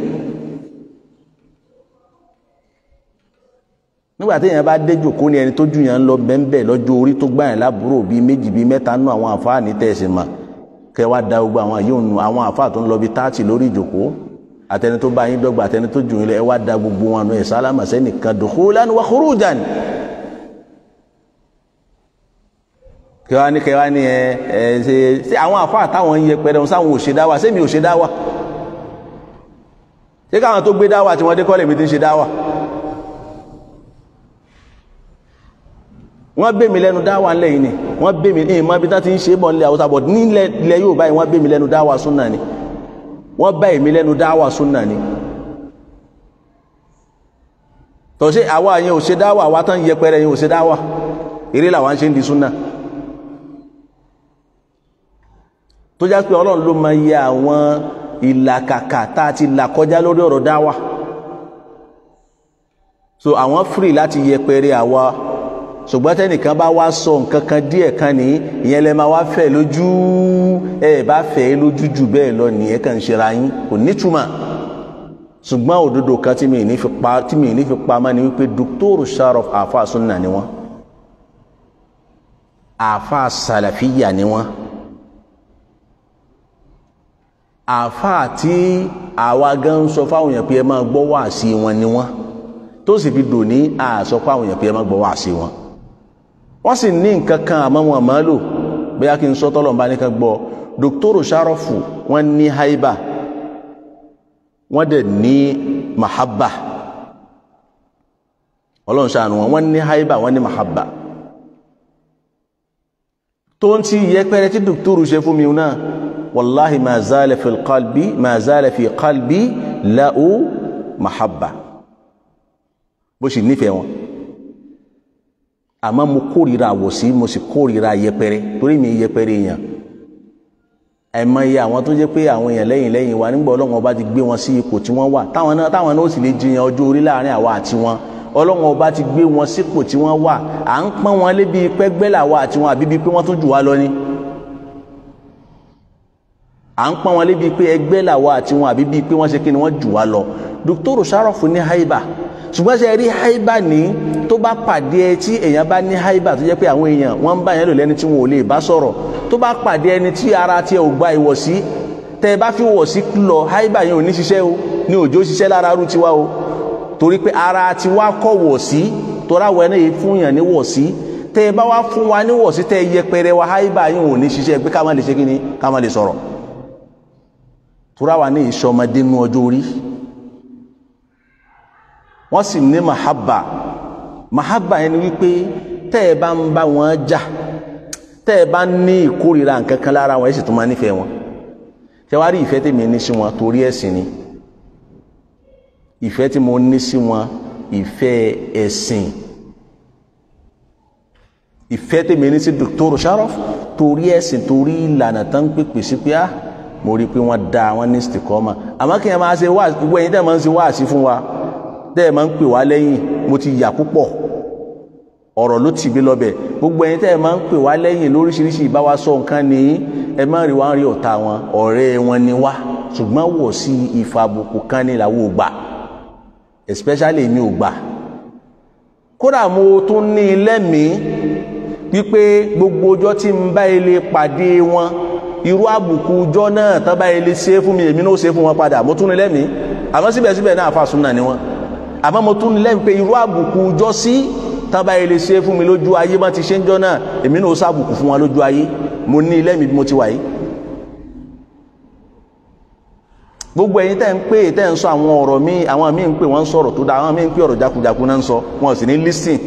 nígbà tí èèyàn bá dé jòkó ni ẹni tó jù yàn ń lọ bẹ́ńbẹ́ lọ́jọ́ orí tó gbà yàn lábúrò bíi méjì bíi mẹ́ta nù àwọn àfáà ní tẹ̀sí mà kẹ́ da gbogbo àwọn àyè òun àwọn àfáà tó ń lọ bíi táàtì lórí ìjòkó àtẹni tó bá yín dọ́gba àtẹni tó jù yín lọ ẹ wá da gbogbo wọn nù ẹ sálámà sẹ́nìkan dukhulan wa khurujan. kẹwàá ní kẹwàá ní ẹ ẹ ṣe ṣe àwọn àfáà táwọn ń yẹpẹrẹ wọn sáwọn ò ṣe dáwà sẹ́mi ṣé káwọn tó gbé dáwà tí wọ́n dé kọ́lẹ̀ mi ti ń ṣe dáwà. wọ́n bèmí lẹ́nu dáwà ńlẹ̀ yìí ni wọ́n bèmí ìmọ̀ ibi ti ń ṣe bọ̀ ńlẹ̀ àwòsàbọ̀ nílẹ̀ Yorùbá yìí wọ́n bèmí lẹ́nu dáwà súnà ni wọ́n bá èmi lẹ́nu dáwà súnà ni tọ́sí àwa yẹn ò ṣe dáwà wá tán yẹpẹrẹ yẹn ò ṣe dáwà eré làwa ń ṣe ń di súnà tó já pé ọlọ́run ló máa yẹ àwọn ìlàkàkà tá a ti là kọjá lórí ọ̀rọ̀ dáwà so àwọn free láti yẹpẹrẹ àwa ṣùgbọ́n tẹ́nìkan bá wá sọ nǹkan kan díẹ̀ kan ní ìyẹn lè máa wá fẹ́ lójú ẹ bá fẹ́ lójú jù bẹ́ẹ̀ lọ nìyẹn kàn ń ṣera yín kò nítumọ̀ ṣùgbọ́n òdodo kan tí mi ì ní fi pa tí mi ì ní fi pamọ́ ni wípé dókítọ́rù Sharof àfa sunna ni wọ́n àfa sàlàfíyà ni wọ́n àfa tí àwa gan sọ fáwọn èèyàn pé ẹ máa gbọ́ wáàsí wọn ni wọ́n tó sì fi dòní àsọ fáwọn èèyàn pé ẹ máa gbọ́ wáàsí wọn wọ́n sì ní nǹkan kan àmọ́ wọn àmọ́ lò bóyá kí n sọ tọ́lọ̀ bá nìkan gbọ́ dòktóró sáárọ̀fù wọ́n ní haiba wọ́n dẹ̀ ní mahaba ọlọ́run ṣàánú wọn wọ́n ní haiba wọ́n ní mahaba tó ń ti yẹpẹrẹ tí dòktóró ṣe fún mi náà wàláhi ma zálẹ̀ fi qalbi ma zálẹ̀ fi qalbi láò mahaba bó sì nífẹ̀ẹ́ wọn àmọ́ mo kórìíra àwòsí mo sì kórìíra yẹpẹrẹ torí mi yẹpẹrẹ èèyàn ẹ̀mọ iye àwọn tó jẹ́ pé àwọn èèyàn lẹ́yìn lẹ́yìn wa nígbà ọlọ́run ọba ti gbé wọn sí ipò tí wọ́n wà táwọn náà táwọn náà ó sì lè jiyàn ọjọ́ orí láàrin àwa àti wọn ọlọ́run ọba ti gbé wọn sípò tí wọ́n wà à ń pọ́n wọn lé bíi pẹ́gbẹ́ làwa àti wọn àbí bíi pé wọ́n tún jù wá lọ ni à ń pọ́n wọn lé bíi pé ẹgbẹ́ làwa àti wọn àbí bíi pé wọ́n ṣe kí ni wọ́n jù wá lọ dókítà Sharafu ní haiba ṣùgbọ́n ṣe rí haiba ní tó bá pàdé ẹ tí èèyàn bá ní haiba tó jẹ́ pé àwọn èèyàn wọ́n ń bá yẹn lò lẹ́ni tí wọn ò lè bá sọ̀rọ̀ tó bá pàdé ẹni tí ara tiẹ̀ ò gba ìwọ̀sí tẹ́ ẹ bá fi wọ̀sí lọ haiba yẹn ò ní ṣiṣẹ́ o ní òjò ṣiṣẹ́ lára arú tiwa o torí pé ara tiwa kọ̀ wọ̀sí tọ́ra wọ ẹni yìí fún yàn ní wọ̀sí tẹ́ ẹ bá wá fún wa ní wọ̀sí tẹ́ ẹ yẹpẹrẹ wọ́n sì ní mahaba mahaba yẹn ni wípé tẹ́ ẹ bá ń bá wọn jà tẹ́ ẹ bá ní ìkórira nǹkan kan lára wọn ẹ sì tún máa nífẹ̀ẹ́ wọn ṣé wàá rí ìfẹ́ ní sí wọn torí ẹ̀sìn ni ìfẹ́ tí mo ní sí wọn ìfẹ́ ẹ̀sìn ìfẹ́ tèmi ní sí Dr. Sharaf torí ẹ̀sìn torí ìlànà tán ń pèpè sí pé á ah, mo rí i pé wọ́n da wọ́n ní sìtìkọ́mà àmọ́ kí ẹ máa ṣe wáàsí gbogbo ẹ̀yin tẹ́ ẹ máa ń ṣe wáàsí fún wa tẹ́ ẹ̀ máa ń pè wá lẹ́yìn mo ti yà púpọ̀ ọ̀rọ̀ ló tì mí lọ́bẹ̀ gbogbo ẹ̀yin tẹ́ ẹ̀ ń pè wá lẹ́yìn lóríṣiríṣi ìbá wa sọ nǹkan ní ẹ má rí wá rí ọ̀tá wọn ọ̀rẹ́ wọn ni wá ṣùgbọ́n wọ̀ sí ìfàbùkù kan ní làwọn ò gbà especially mi ò kódà mo tún ní ilé mi wípé gbogbo ọjọ́ tí n bá ilé pàdé wọn irú àbùkù ọjọ́ náà tán bá ilé ṣe fún mi èmi náà ṣe fún wọn padà mo tún ní ilé mi àmọ́ síbẹ̀síbẹ̀ náà àfa súnà ni wọn àmọ́ mo tún lẹ́nu pé irú àbùkù jọ sí tábà ilé ṣe fún mi lójú ayé má ti ṣe ń jọ náà èmi náà ó sábùkù fún wọn lójú ayé mo ní ilé mi bí mo ti wà yìí. gbogbo ẹ̀yin tẹ́ ń pè tẹ́ ń sọ àwọn ọ̀rọ̀ míì àwọn míì ń pè wọ́n ń sọ̀rọ̀ tó dáa àwọn míì ń pè ọ̀rọ̀ jákujàku náà ń sọ wọn sì ní lísìn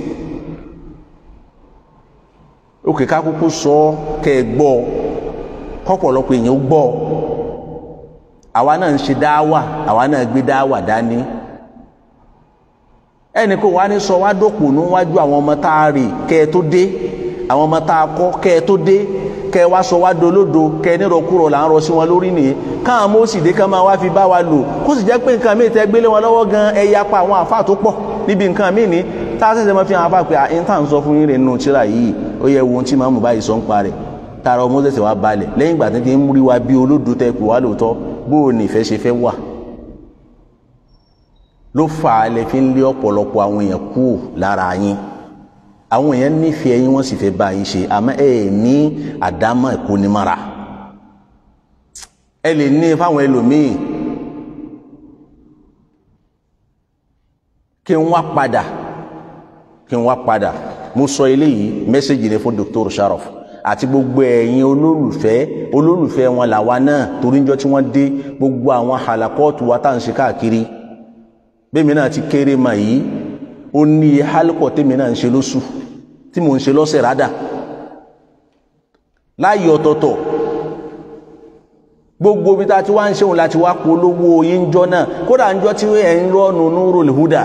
òkè ká kúkú sọ kẹ ẹ gbọ́ kọ́pọ̀lọpọ̀ èèyàn gbọ́ àwa náà ń ṣe dáwà àwa náà gbé dáwà dání ẹnì kò wá ní sọ wá dòpò níwájú àwọn ọmọ tá a rè kẹ ẹ tó dé àwọn ọmọ tá a kọ kẹ ẹ tó dé kẹ ẹ wá sọ wá dolódo kẹ ẹ nírọkúrọ là ń rọ sí wọn lórí nìyí káwọn ọmọ òsì dé ká máa wá fi bá wa lò kó sì jẹ́ pé nǹkan míì tẹ́ gbélé wọn lọ́wọ́ gan ẹ yapa àwọn àfa tó pọ̀ níbi nǹkan míì ní tá a ṣẹ̀ṣẹ̀ máa fi hàn apá pé àyín tá à ń sọ fún yín rè nù tíra yìí ó yẹ wa bí olódò tẹ pè wá ló fà á lè fi ń lé ọ̀pọ̀lọpọ̀ àwọn èèyàn kúrò lára yín àwọn èèyàn nífẹ̀ẹ́ yín wọ́n sì fẹ́ bá yín ṣe àmọ́ ẹ ní àdámọ̀ ìkónimára ẹ lè ní fáwọn ẹlòmíì kí n wá padà kí n wá padà mo sọ eléyìí mẹ́sẹ̀gì rẹ fún Dr. Sharaf àti gbogbo ẹ̀yin olólùfẹ́ olólùfẹ́ wọn làwa náà torí níjọ́ tí wọ́n dé gbogbo àwọn àlàkọ́ọ̀tù wa tá à ń ṣe káàkiri bẹ́ẹ̀ mi náà ti kéré mà yìí ó ní iye hálùkọ̀ tèmi náà ń ṣe lóṣù tí mò ń ṣe lọ́sẹ̀ rádà láàyè ọ̀tọ̀ọ̀tọ̀ gbogbo ibi tá a ti wá ń ṣeun láti wá polówó yín jọ náà kódà ń jọ tí ẹ ń rọ́ọ̀nù Nurul Huda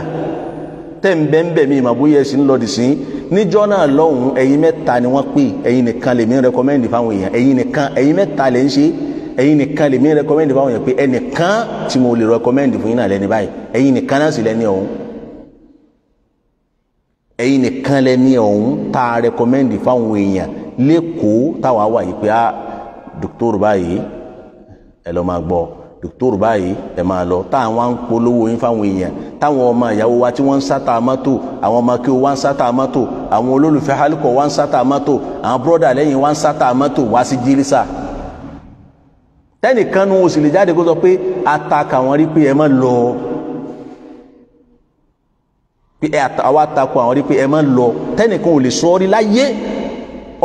tẹ̀m̀bẹ̀m̀bẹ̀ mi ìmọ̀ bóyá ẹ̀sìn lọ́ọ̀dì sí níjọ́ náà lọ́hùn-ún ẹ̀yin mẹ́ta ni wọ́n pè ẹ̀yin nìkan lèmi rẹ́kọ́mẹ́ndì fáwọn èèyàn ẹ̀yin nìkan ẹ̀yin mẹ́ta lè ń ṣe é ẹ̀yin nìkan lèmi rẹkọmẹ́ndì fáwọn yẹn pé ẹnìkan tí mo lè rẹkọmẹ́ndì fún yín náà lẹ́ni báyìí ẹ̀yin nìkan náà sì lẹ́ni ọ̀hún ẹ̀yin nìkan lẹ́ni ọ̀hún tá a rẹkọmẹ́ndì fáwọn èèyàn lẹ́kọ̀ọ́ táwa wà yìí pé a ah, dòkítọ́rù báyìí ẹ lọ́ máa gbọ́ dòkítọ́rù báyìí ẹ máa lọ táwọn ń polówó yín fáwọn èèyàn táwọn ọmọ ìyàwó wa tí wọ́n ń sáta mọ́tò àwọn ọmọ kí wọ́n ń sáta mọ́tò àwọn olólùfẹ́ hálùkọ̀ wọ́n ń sáta mọ́tò àwọn bírọ́dà lẹ́yìn wọ́n ń sáta mọ́tò wá sí jírísà tẹ́nìkan nu òsì lè jáde kó sọ pé ataka àwọn rí pé ẹ má lọ pé àwa atakọ àwọn rí pé ẹ má lọ tẹ́nìkan ò lè sọ rí láyé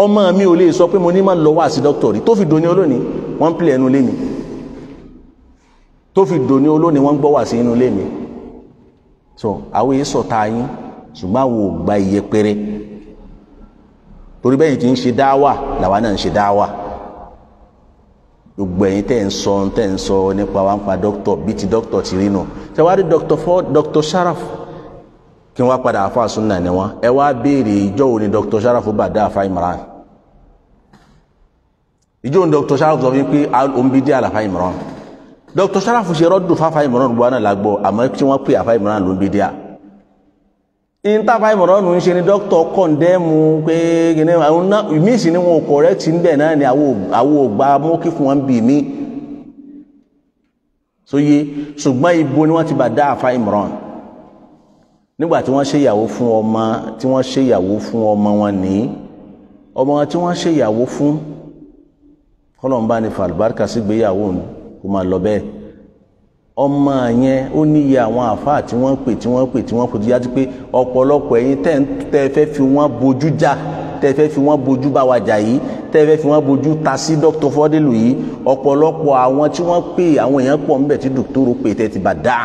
ọmọ mi ò lè sọ pé mo ní má lọ wá sí dókítà rí tó fi dòní olónìí wọ́n ń ẹnu lé mi tó fi dòní olónìí wọ́n ń wá sí inú lé mi so àwọn èyí sọ̀tà yín ṣùgbọ́n àwọn ò gba iyẹpẹrẹ torí bẹ́ẹ̀ yìí ti ń ṣe dáwà làwa náà ń ṣe dáwà gbogbo ẹ̀yin tẹ́ ń sọ tẹ́ ń sọ nípa wa ń pa dókítà bíi ti dókítà ti rí nù ṣe wá rí dókítà fọ dókítà Sharaf kí wọ́n padà àfa àsúnà ni wọ́n ẹ wá béèrè ìjọ wo ni dókítà Sharaf bá dá àfa Imran ìjọ wo ni dókítà Sharaf sọ fún pé òun bí dé àlàfà Imran dókítà Sharaf ṣe rọ́dùn fáfà Imran gbọ́ náà lágbọ́ àmọ́ tí wọ́n pè àfa Imran ló ń bí dé à ìntàfà ìmọ̀ránù ń ṣe ni dókítà kọ̀ǹdẹ́mù pé gẹ́gẹ́ àwọn náà míì sì ni wọn ò kọ̀rẹ́tì ń bẹ̀ náà ni àwọn ò gba mọ́kì fún wọn bì mí sóye ṣùgbọ́n ibo ni wọ́n ti bà dá àfà ìmọ̀rán nígbà tí wọ́n ṣèyàwó fún ọmọ tí wọ́n ṣèyàwó fún ọmọ wọn ní ọmọ wọn tí wọ́n ṣèyàwó fún kọ́lọ̀ ń bá ní fàlùbáríkà sí gbéyàwó kó máa lọ bẹ́ẹ̀ ọmọ yẹn ó níye àwọn àáfàá tí wọ́n pè tí wọ́n pè tí wọ́n pè tó yá sí pé ọ̀pọ̀lọpọ̀ ẹ̀yin tẹ́ tẹ́ fẹ́ fi wọ́n bojú jà tẹ́ fẹ́ fi wọ́n bojú bá wa jà yìí tẹ́ fẹ́ fi wọ́n bojú ta sí dr fọdélù yìí ọ̀pọ̀lọpọ̀ àwọn tí wọ́n pè àwọn èèyàn pọ̀ ńbẹ̀ tí dòkítọ́rò pè tẹ́ ti bà dáa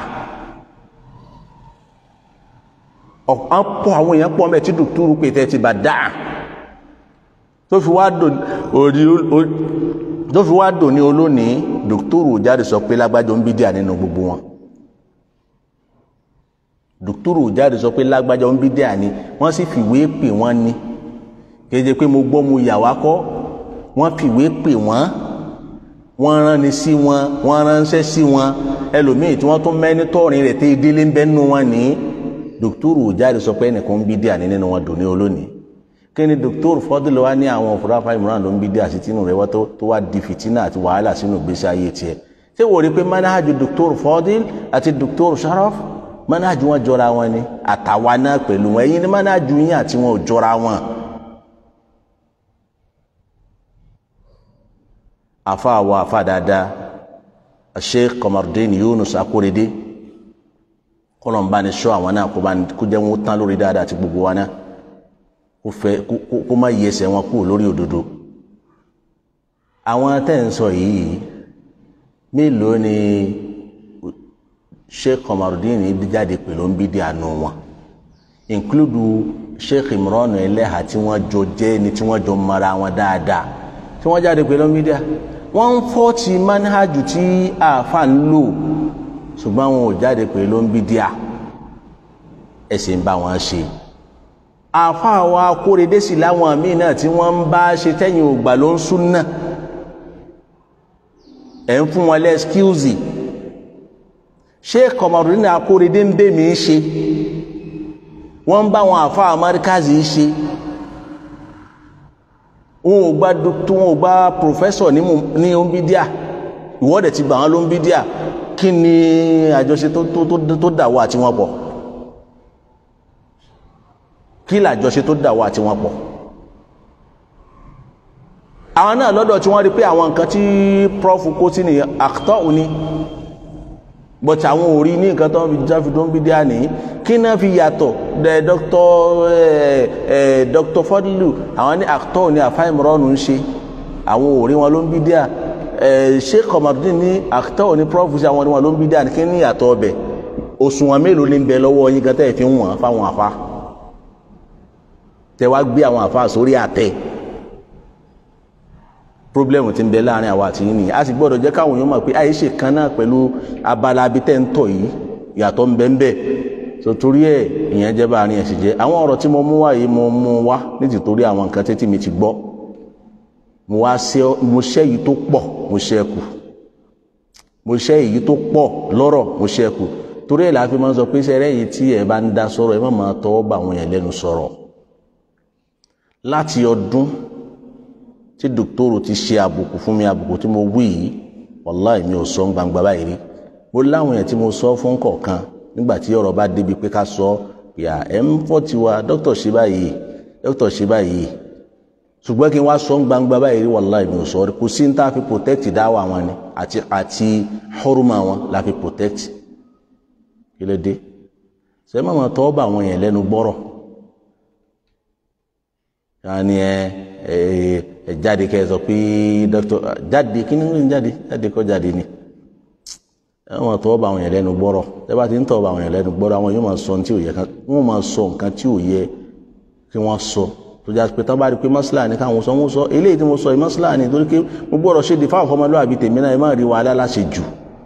ọ̀pọ̀ àwọn èèyàn pọ̀ mẹ́ẹ̀ tí dòkítọ́rù pé tẹ́ ti bà dáa tó fi wá dò ní olónìí dòkítòrò jáde sọ pé lágbájọ ń bídíà nínú gbogbo wọn dòkítòrò jáde sọ pé lágbájọ ń bídíà ni wọ́n sì fìwé pè wọ́n ni kéde pé mo gbọ́ mo yà wá kọ́ wọ́n fìwé pè wọ́n wọ́n ránni sí wọn wọ́n ránṣẹ́ sí wọn ẹlòmíì tí wọ́n tún mẹ́ni tọ́rin rẹ̀ tẹ́ délé ń bẹ́ẹ̀ nù wọn ní dòkítòrò jáde sọ pé ẹnìkan ń bídíà nínú wọn dòní olónìí kí ni Dr. Fadil wa ní àwọn òfurufú afáìmùrán ló ń bí dé àṣetínú rẹ wá tó wá di fìtínà àti wàhálà sínú ìgbésí ayé tiẹ̀ ṣé wò rí pé manhaju Dr. Fadil àti Dr. Sharaf manhaju wọn jọra wọn ni àtàwa náà pẹ̀lú wọn ẹ̀yin ni manhaju yín àti wọn ò jọra wọn. afa wa afa dáadáa Sheikh Qamardeen Yunus Akorede kọlọ̀ ń bá ní sọ àwọn náà kó jẹ́ wọn tán lórí dáadáa àti gbogbo wa náà kó fẹ́ kó má yí ẹsẹ̀ wọn kúrò lórí òdodo àwọn tẹ́ ń sọ yìí mélòó ni sheikh Kamarudin bí jáde pẹ̀lú ń bí di àánú wọn include sheikh Imran Eleha tí wọ́n jọ jẹ́ ni tí wọ́n jọ mara wọn dáadáa tí wọ́n jáde pẹ̀lú ń bí di à wọ́n ń fọ́ ti manhajù tí àáfà ń lò ṣùgbọ́n wọn ò jáde pẹ̀lú ń bí di à ẹ̀sìn bá wọn ṣe àfa wa kórede sí láwọn míì náà tí wọ́n ń bá ṣe tẹ́yìn ògbà ló ń súnà ẹ̀ ń fún wọn lẹ́skíùsì ṣé kọmọdún náà kórede ń bè mí ṣe wọ́n ń bá wọn àfa amárikazi ṣe wọn ò gba dókítà wọn ò gba pòfẹ́sọ̀ ní ombidia ìwọ́dẹ̀ ti gbà wọn ló kí ni àjọṣe tó dà àti wọn pọ̀ kí làjọṣe tó dà wá àti wọn pọ̀ àwọn náà lọ́dọ̀ tí wọ́n rí pé àwọn nǹkan tí prof kó sí ni àkútọ́ òní but àwọn ò rí ní nǹkan tó ń fi jáfi tó ń bí díà nìyí kí náà fi yàtọ̀ dẹ dr dr fọdúlù àwọn ní àkútọ́ òní àfáìmọ́rọ́nù ń ṣe àwọn ò rí wọn ló ń bí díà eh, sheikh kọmọdún ní àkútọ́ òní prof ṣe àwọn ò wọn ló ń bí díà kí ní yàtọ̀ ọbẹ̀ òṣùwọ̀n mélòó ní bẹ lọ́wọ́ yín gan tẹ́ ẹ̀ fi ń wọ̀n fáwọn àfa tẹ wá gbé àwọn àfa sórí àtẹ pírọ́blẹ́mù ti ń bẹ láàrin àwa àti yín nìyí a sì gbọ́dọ̀ jẹ́ káwọn èèyàn mọ̀ pé àyè ṣe kan náà pẹ̀lú abala abitẹ́ ń tọ̀ yìí ìyàtọ̀ ń bẹ ń bẹ so torí ẹ ìyẹn jẹ́ báàrin ẹ̀ sì jẹ́ àwọn ọ̀rọ̀ tí mo mú wá yìí mo mú wá ní àwọn nǹkan tẹ́tí mi ti gbọ́ mo wá ṣe mo ṣe èyí tó pọ̀ mo ṣe kù mo ṣe èyí tó pọ̀ lọ́rọ̀ mo ṣe kù torí ẹ̀ la fi máa ń sọ pé ṣe yìí tí ẹ bá ń da sọ̀rọ̀ ẹ má máa tọ́ bá àwọn yẹn lẹ́nu sọ̀rọ̀ láti ọdún tí dòkítọ́rò ti ṣe àbùkù fún mi àbùkù tí mo wí yìí wàláì mi ò sọ ń gbangba báyìí rí mo láwọn èèyàn tí mo sọ fún kọ̀ọ̀kan nígbà tí ọ̀rọ̀ bá débi pé ká sọ yà ẹ̀ ń fọ́ tiwa dókítà ṣe báyìí dókítà ṣe báyìí ṣùgbọ́n kí n wá sọ ń gbangba báyìí rí wàláì mi ò sọ kò sí ní tá fi protect dáwà wọn ni àti àti hórùmà wọn la fi protect kí ló dé ṣe é tọ́ bà wọn yẹn lẹ́nu gbọ́rọ̀ yanni ẹ ẹ jáde kẹ sọ pé dókítà jáde kí ni ń jáde jáde kọ ni àwọn tọ́ bá àwọn yẹn lẹ́nu gbọ́rọ̀ ẹ bá ti ń tọ́ bá àwọn yẹn lẹ́nu gbọ́rọ̀ àwọn yóò máa sọ ní tí ò kan wọ́n máa sọ kí wọ́n sọ tó já bá rí pé mọ́sálà ni káwọn sọ wọ́n sọ eléyìí tí mo sọ yìí ni torí pé mo gbọ́dọ̀ ṣe di fáwọn ọmọlúwàbí tèmi náà ẹ má rí wàhálà láṣẹ jù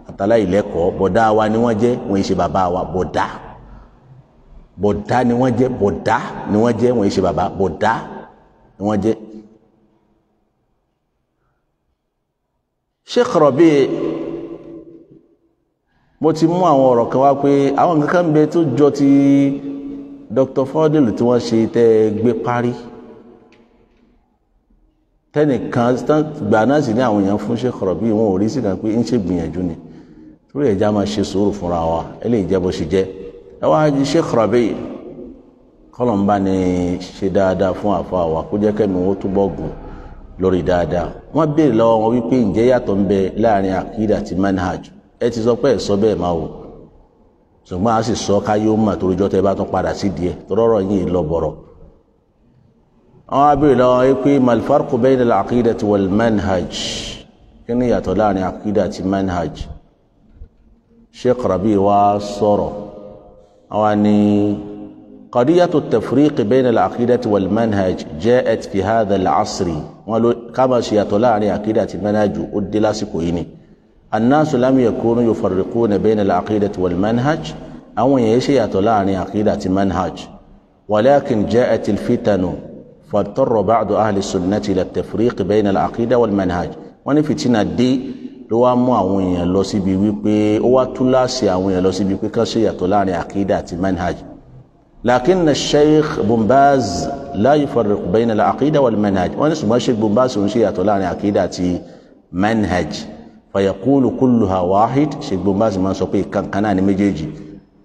àtàlà ìlẹ́kọ̀ọ́ bọ̀dá wa ni wọ́n jẹ́ wọ́n ṣe bàbá wa bọ̀dá bọ̀dá ni wọ́n jẹ́ bọ̀dá ni wọ́n jẹ́ wọ́n ṣe bàbá bọ̀dá ni wọ́n jẹ́ Sheikh Rabi mo ti mú àwọn ọ̀rọ̀ kan wá pé àwọn nǹkan kan bẹ tó jọ ti Dr. Fadil tí wọ́n ṣe tẹ́ gbé parí tẹnìkan gbà náà sì ní àwọn èèyàn fún Sheikh Rabi wọn ò rí sí kan pé ń ṣe gbìyànjú ni torí ẹ̀já máa ṣe sùúrù fúnra wa ẹ lè jẹ́ bó ṣe jẹ́ ẹ wá Sheikh Rabi kọlọmba ni ṣe dáadáa fún àfa wa kó jẹ́ kẹ́mi wọ́n túbọ̀ gùn lórí dáadáa wọ́n béèrè lọ́wọ́ wọn wípé ǹjẹ́ yàtọ̀ ń bẹ láàrin akida àti manhaj ẹ ti sọ pé ẹ sọ bẹ́ẹ̀ máa wò ṣùgbọ́n a sì sọ káyé ó mà torójọ́ tẹ́ bá tún padà sí díẹ̀ tọ́rọ́rọ́ yìí lọ bọ̀rọ̀ àwọn abèrè lọ́wọ́ wípé malfarku bayna al-aqida wal manhaj kí ni yàtọ̀ láàrin akida àti manhaj Sheikh Rabi wa sọ̀rọ̀ àwọn ni. قضية التفريق بين العقيدة والمنهج جاءت في هذا العصر كما سيطلع عن عقيدة المنهج أدلاس كويني الناس لم يكونوا يفرقون بين العقيدة والمنهج أو يطلع عن عقيدة منهج ولكن جاءت الفتن فاضطر بعض أهل السنة إلى التفريق بين العقيدة والمنهج wọ́n ní fìtínà dé ló wá mú àwọn èèyàn lọ síbi wípé ó wá túláàsì àwọn èèyàn lọ síbi lakin na sheikh bumbaz la yufarriqu bayna al-aqida wal-manhaj wọ́n ní ṣùgbọ́n sheikh bumbaz ń ṣe yàtọ̀ láàrin àkídà àti manhaj fayaqulu kulluha wahid sheikh bumbaz máa ń sọ pé kankan náà ní méjèèjì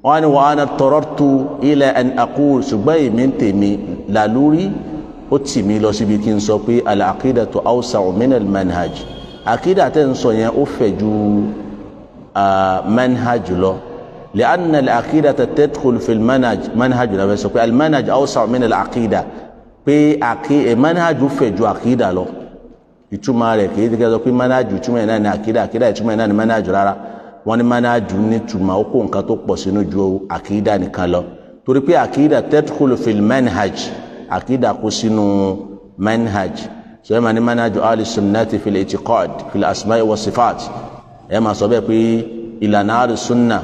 wọ́n ní wa ana tarartu ila an aqul ṣùgbọ́n èmi ń tèmi làlúrí ó tì mí lọ síbi kí n sọ pé al-aqidatu awsa'u min al-manhaj àkídà tẹ́ ń sọ yẹn ó fẹ̀ ju manhaj lọ. لأن العقيدة تدخل في المنهج منهج لا بس المنهج أوسع من العقيدة pé منهج في جو àkídà له. ìtumọ̀ rẹ̀ kì í ti kẹsọ pé manhaj ìtumọ̀ yẹn náà ni àkídà àkídà ìtumọ̀ yẹn náà ni manhaj rárá wọ́n ní manhaj ní tuma ó kó nǹkan tó pọ̀ sínú ju àkídà nìkan lọ torí pé àkídà tadkhulu fil manhaj àkídà kó sínú manhaj sọ yẹn máa ní manhaj ahli sunnati fil itiqad fil asma'i wa sifat ẹ máa sọ bẹ́ẹ̀ pé ìlànà ahli sunnah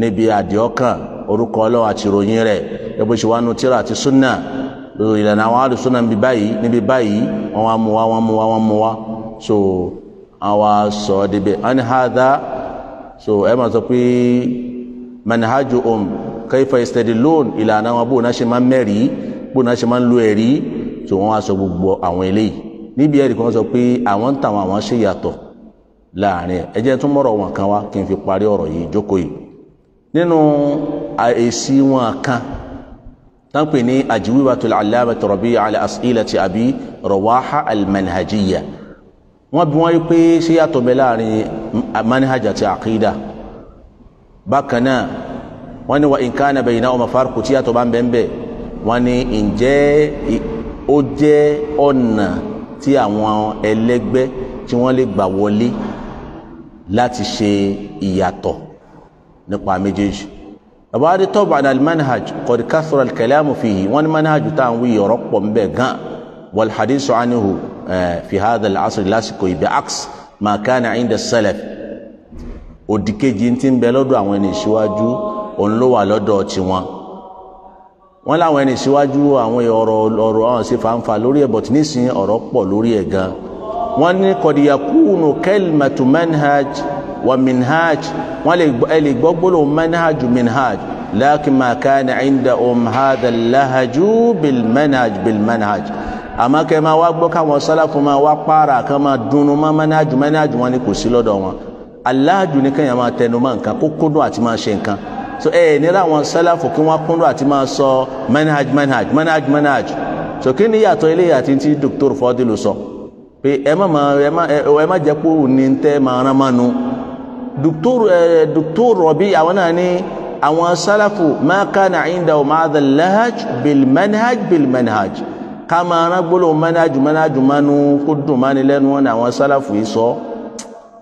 níbi àdìọ́kàn orúkọ ọlọ́run àti ìròyìn rẹ̀ ẹbí ṣe wá nu tíra àti súnà ìlànà àwọn àlùsúnà níbi báyìí níbi báyìí wọn wá mú wa wọn mú wa wọn mú wa so àwa sọ ọ́ débẹ̀ ẹni hàdá so ẹ máa sọ pé manhajú um kaifa istadilun ìlànà àwọn bóun náà ṣe máa ń mẹ́rì bóun náà ṣe máa ń ẹ̀rí so wọn wá sọ gbogbo àwọn eléyìí níbi ẹ̀rí kan sọ pé àwọn ń tàwọn àwọn ṣe yàtọ̀ láàrin ẹ jẹ́ tún mọ́rọ̀ wọn kan wá kí n fi parí ọ̀rọ̀ yìí jókòó yìí nínú èsì wọn kan tánpẹ̀ ní àjíwíwátul alábàtà Rabi' ala as'ilati Abi Rawaha al-Manhajiyya wọ́n bí wọ́n yí pé ṣé yàtọ̀ bẹ láàrin manhaj àti àkídà bákan náà wọ́n ní wa in kana baynahuma farqu tí yàtọ̀ bá ń bẹ́ẹ̀ wọ́n ní ǹjẹ́ ó jẹ́ ọ̀nà tí àwọn ẹlẹ́gbẹ́ tí wọ́n lè gbà wọlé láti ṣe ìyàtọ̀ nípa méjèèjì bàbá adé tọ́ba àdàl manhaj kọ̀dí kásọ̀rọ̀ alkalamu fihi wọ́n ní manhaj tá à ń wí ọ̀rọ̀ pọ̀ ń bẹ̀ gan wal hadisu anihu fi hadha al-asr lásìkò ibi aks ma kana inda salaf òdì kejì ti ń bẹ lọ́dọ̀ àwọn ẹni ìṣíwájú òun ló wà lọ́dọ̀ tiwọn wọn láwọn ẹni ìṣíwájú àwọn ọ̀rọ̀ ọ̀rọ̀ àwọn ṣe fanfa lórí ẹ̀ bọ̀tí nísìnyí ọ̀rọ̀ pọ̀ lórí ẹ̀ gan wọn ní kọ̀díyàkúùnù kẹ́lìmẹ̀tù manhaj wa minhaj wọ́n lè gbọ́ gbólóhùn manhaj minhaj lakin ma kana indahum hadha lahaju bil manhaj bil manhaj àmọ́ kẹ́ máa wá gbọ́ káwọn sálàfù máa wá pààrà kan máa dunu máa manhaj manhaj wọn ni kò sí lọ́dọ̀ wọn aláàjù ni kéèyàn máa tẹnu mọ́ nǹkan kó kúndùn àti máa ṣe nǹkan so ẹ ẹ nílò àwọn sálàfù kí wọ́n kúndùn àti máa sọ manhaj manhaj manhaj manhaj so kí ni yàtọ̀ ilé àti ti dr fọdílù sọ pé ẹ má jẹ́ pé òun ní tẹ́ máa rán mánu dùkúrù ẹ eh, dùkúrù rọ̀bí àwọn náà ní àwọn sálàfù ma kana inda ma'adà lahaj bil manhaj bil manhaj ká máa rán gbólóhùn manhaj manhaj manú kó dùn máa ní lẹ́nu wọn ní àwọn sálàfù yìí sọ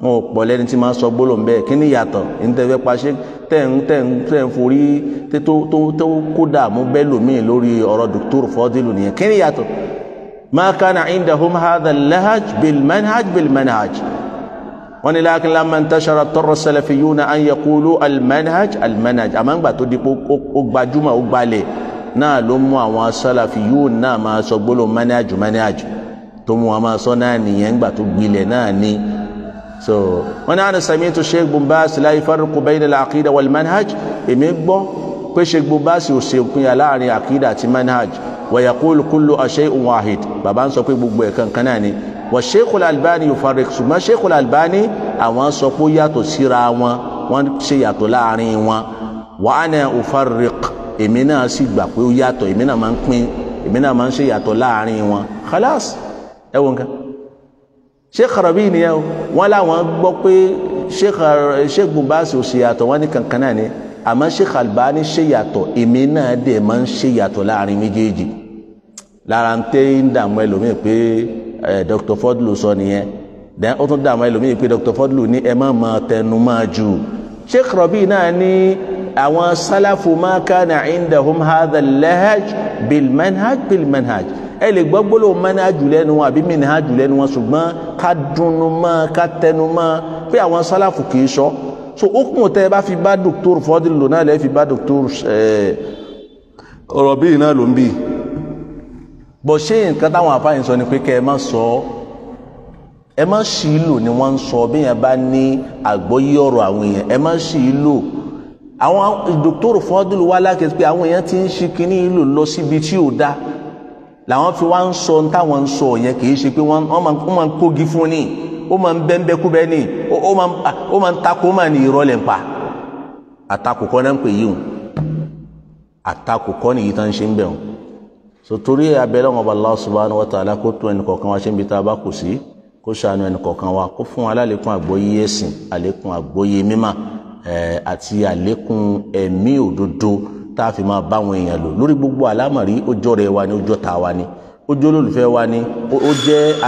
wọn ò pọ̀ lẹ́ni tí máa sọ gbólóhùn bẹ́ẹ̀ kí ni yàtọ̀ ìtẹ̀fẹ́ paṣẹ tẹ̀ ń tẹ̀ ń tẹ̀ ń forí tó tó tó kó dààmú bẹ́ẹ̀ lòmíì lórí ọ̀rọ̀ dùkúrù fọ́dílù nìyẹn kí ma kana indahum hadha lahaj bil manhaj bil manhaj wọ́n ní láàkín lámà ń tẹ́sàrà tọrọ sẹlẹ̀fì yóò na àyẹ̀ kúlú almanhaj almanhaj àmọ́ ńgbà tó dípò ó gbajúmọ̀ ó gbalẹ̀ náà ló mú àwọn sẹlẹ̀fì yóò náà máa sọ gbólóhùn manhaj manhaj tó mú wọn máa sọ náà nìyẹn ńgbà tó gbilẹ̀ náà ni so wọ́n ní àná sami tó sheikh bumbas láyé fárúkú bẹ́yìn la àkídà wal manhaj èmi gbọ́ pé sheikh bumbas ò ṣe òpin yà láàrin àkídà àti manhaj wa yaqulu kullu shay'un wọ́n Sheikhul Albani yóò farik ṣùgbọ́n Sheikhul Albani àwọn sọ pé ó yàtọ̀ síra wọn wọ́n ṣe yàtọ̀ láàrin wọn wa ana ufarriq èmi náà sì gbà pé ó yàtọ̀ èmi náà máa ń pín èmi náà máa ń ṣe yàtọ̀ láàrin wọn khalas ẹ wọ nǹkan Sheikh Rabi nìyẹn o wọn làwọn gbọ́ pé Sheikh bubasi ò ṣe yàtọ̀ wọn ní kankan náà ni àmọ́ Sheikh Albani ṣe yàtọ̀ èmi náà dẹ̀ máa ń ṣe yàtọ̀ láàrin méjèèjì lára ń tẹ́ ń dààmú ẹlòmíì pé. Eh, Dr. Fodlu sọ nìyẹn then ó tún dá àwọn ẹlòmíì pé Dr. Fodlu ní ẹ má máa tẹnu máa jù Sheikh Rabi náà ní àwọn sálàfù ma kana indahum hadha al-lahaj bil manhaj bil manhaj ẹ lè gbọ́ gbólóhùn manhajù lẹ́nu wọn àbí minhajù lẹ́nu wọn ṣùgbọ́n ká dunu mọ́ ká tẹnu mọ́ pé àwọn sálàfù kì í sọ so ó kún tẹ́ ẹ bá fi bá Dr. Fodlu náà lẹ́ fi bá Dr. Eh, Rabi náà ló bíi bọ̀ ṣé nǹkan táwọn àfáàyàn sọ ni pé kẹ́ ẹ má sọ ẹ má ṣì í lò ni wọ́n ń sọ bí yẹn bá ní àgbọ́yé ọ̀rọ̀ àwọn èèyàn ẹ má ṣì í lò àwọn dòkítọ́rò fọ́dúlù wá lákèsí pé àwọn èèyàn ti ń ṣe kínní ìlò lọ síbi tí ò dáa làwọn fi wá ń sọ táwọn ń sọ yẹn kì í ṣe pé wọ́n máa ń kógi fún ni ó máa ń bẹ́ńbẹ́ kú bẹ́ẹ̀ ni ó máa ń takò ó máa ní ìrọ̀lẹ̀ pa àtakò kọ́ náà ń so torí ẹ abẹ́lẹ́ wọn bá Allah subhanahu wa ta'ala kó tún ẹnì kọ̀ọ̀kan wa ṣe ń bi tá a bá kù sí kó ṣàánú ẹnì kọ̀ọ̀kan wa kó fún wa lálékún àgbóyé ẹ̀sìn àlékún àgbóyé mímọ́ àti àlékún ẹ̀mí òdodo tá a fi máa bá àwọn èèyàn lò lórí gbogbo àlámọ̀rí ó jọ wa ni ó jọ ta wa ni ó jẹ́ olólùfẹ́ wa ni ó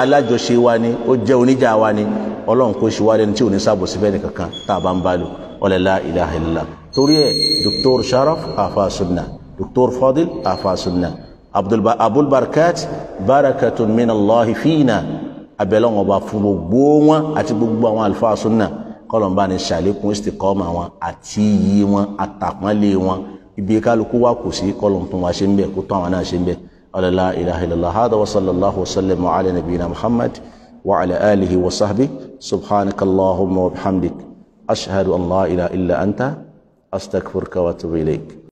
alájọṣe wa ni ó jẹ́ wa ni ọlọ́run kò ṣe wá tí ò ní sábò síbẹ̀ nìkankan tá a bá ń bá lò ọlẹ́lá ilaha illallah torí ẹ̀ Dr. Sharaf afa sunna Dr. Fadil afa sunna abdulbarkat barakatun min allah fiina abẹ́lẹ́ wọn bá fún gbogbo wọn àti gbogbo àwọn àlùfáà sunna kọlọ̀nba ni ṣàlékún istikọ́mà wọn àti iyì wọn àtàpọ́nlé wọn ibi kálukú wa kò sí kọlọ̀n tó wá ṣe ń bẹ̀ kó tó àwọn náà ṣe ń bẹ̀ ọlọ́lá ilaha illallah hada wa sallallahu sallam wa ala nabiyina muhammad wa ala alihi wa sahbi subhanaka wa bihamdik ashhadu an la illa anta astaghfiruka wa atubu ilayk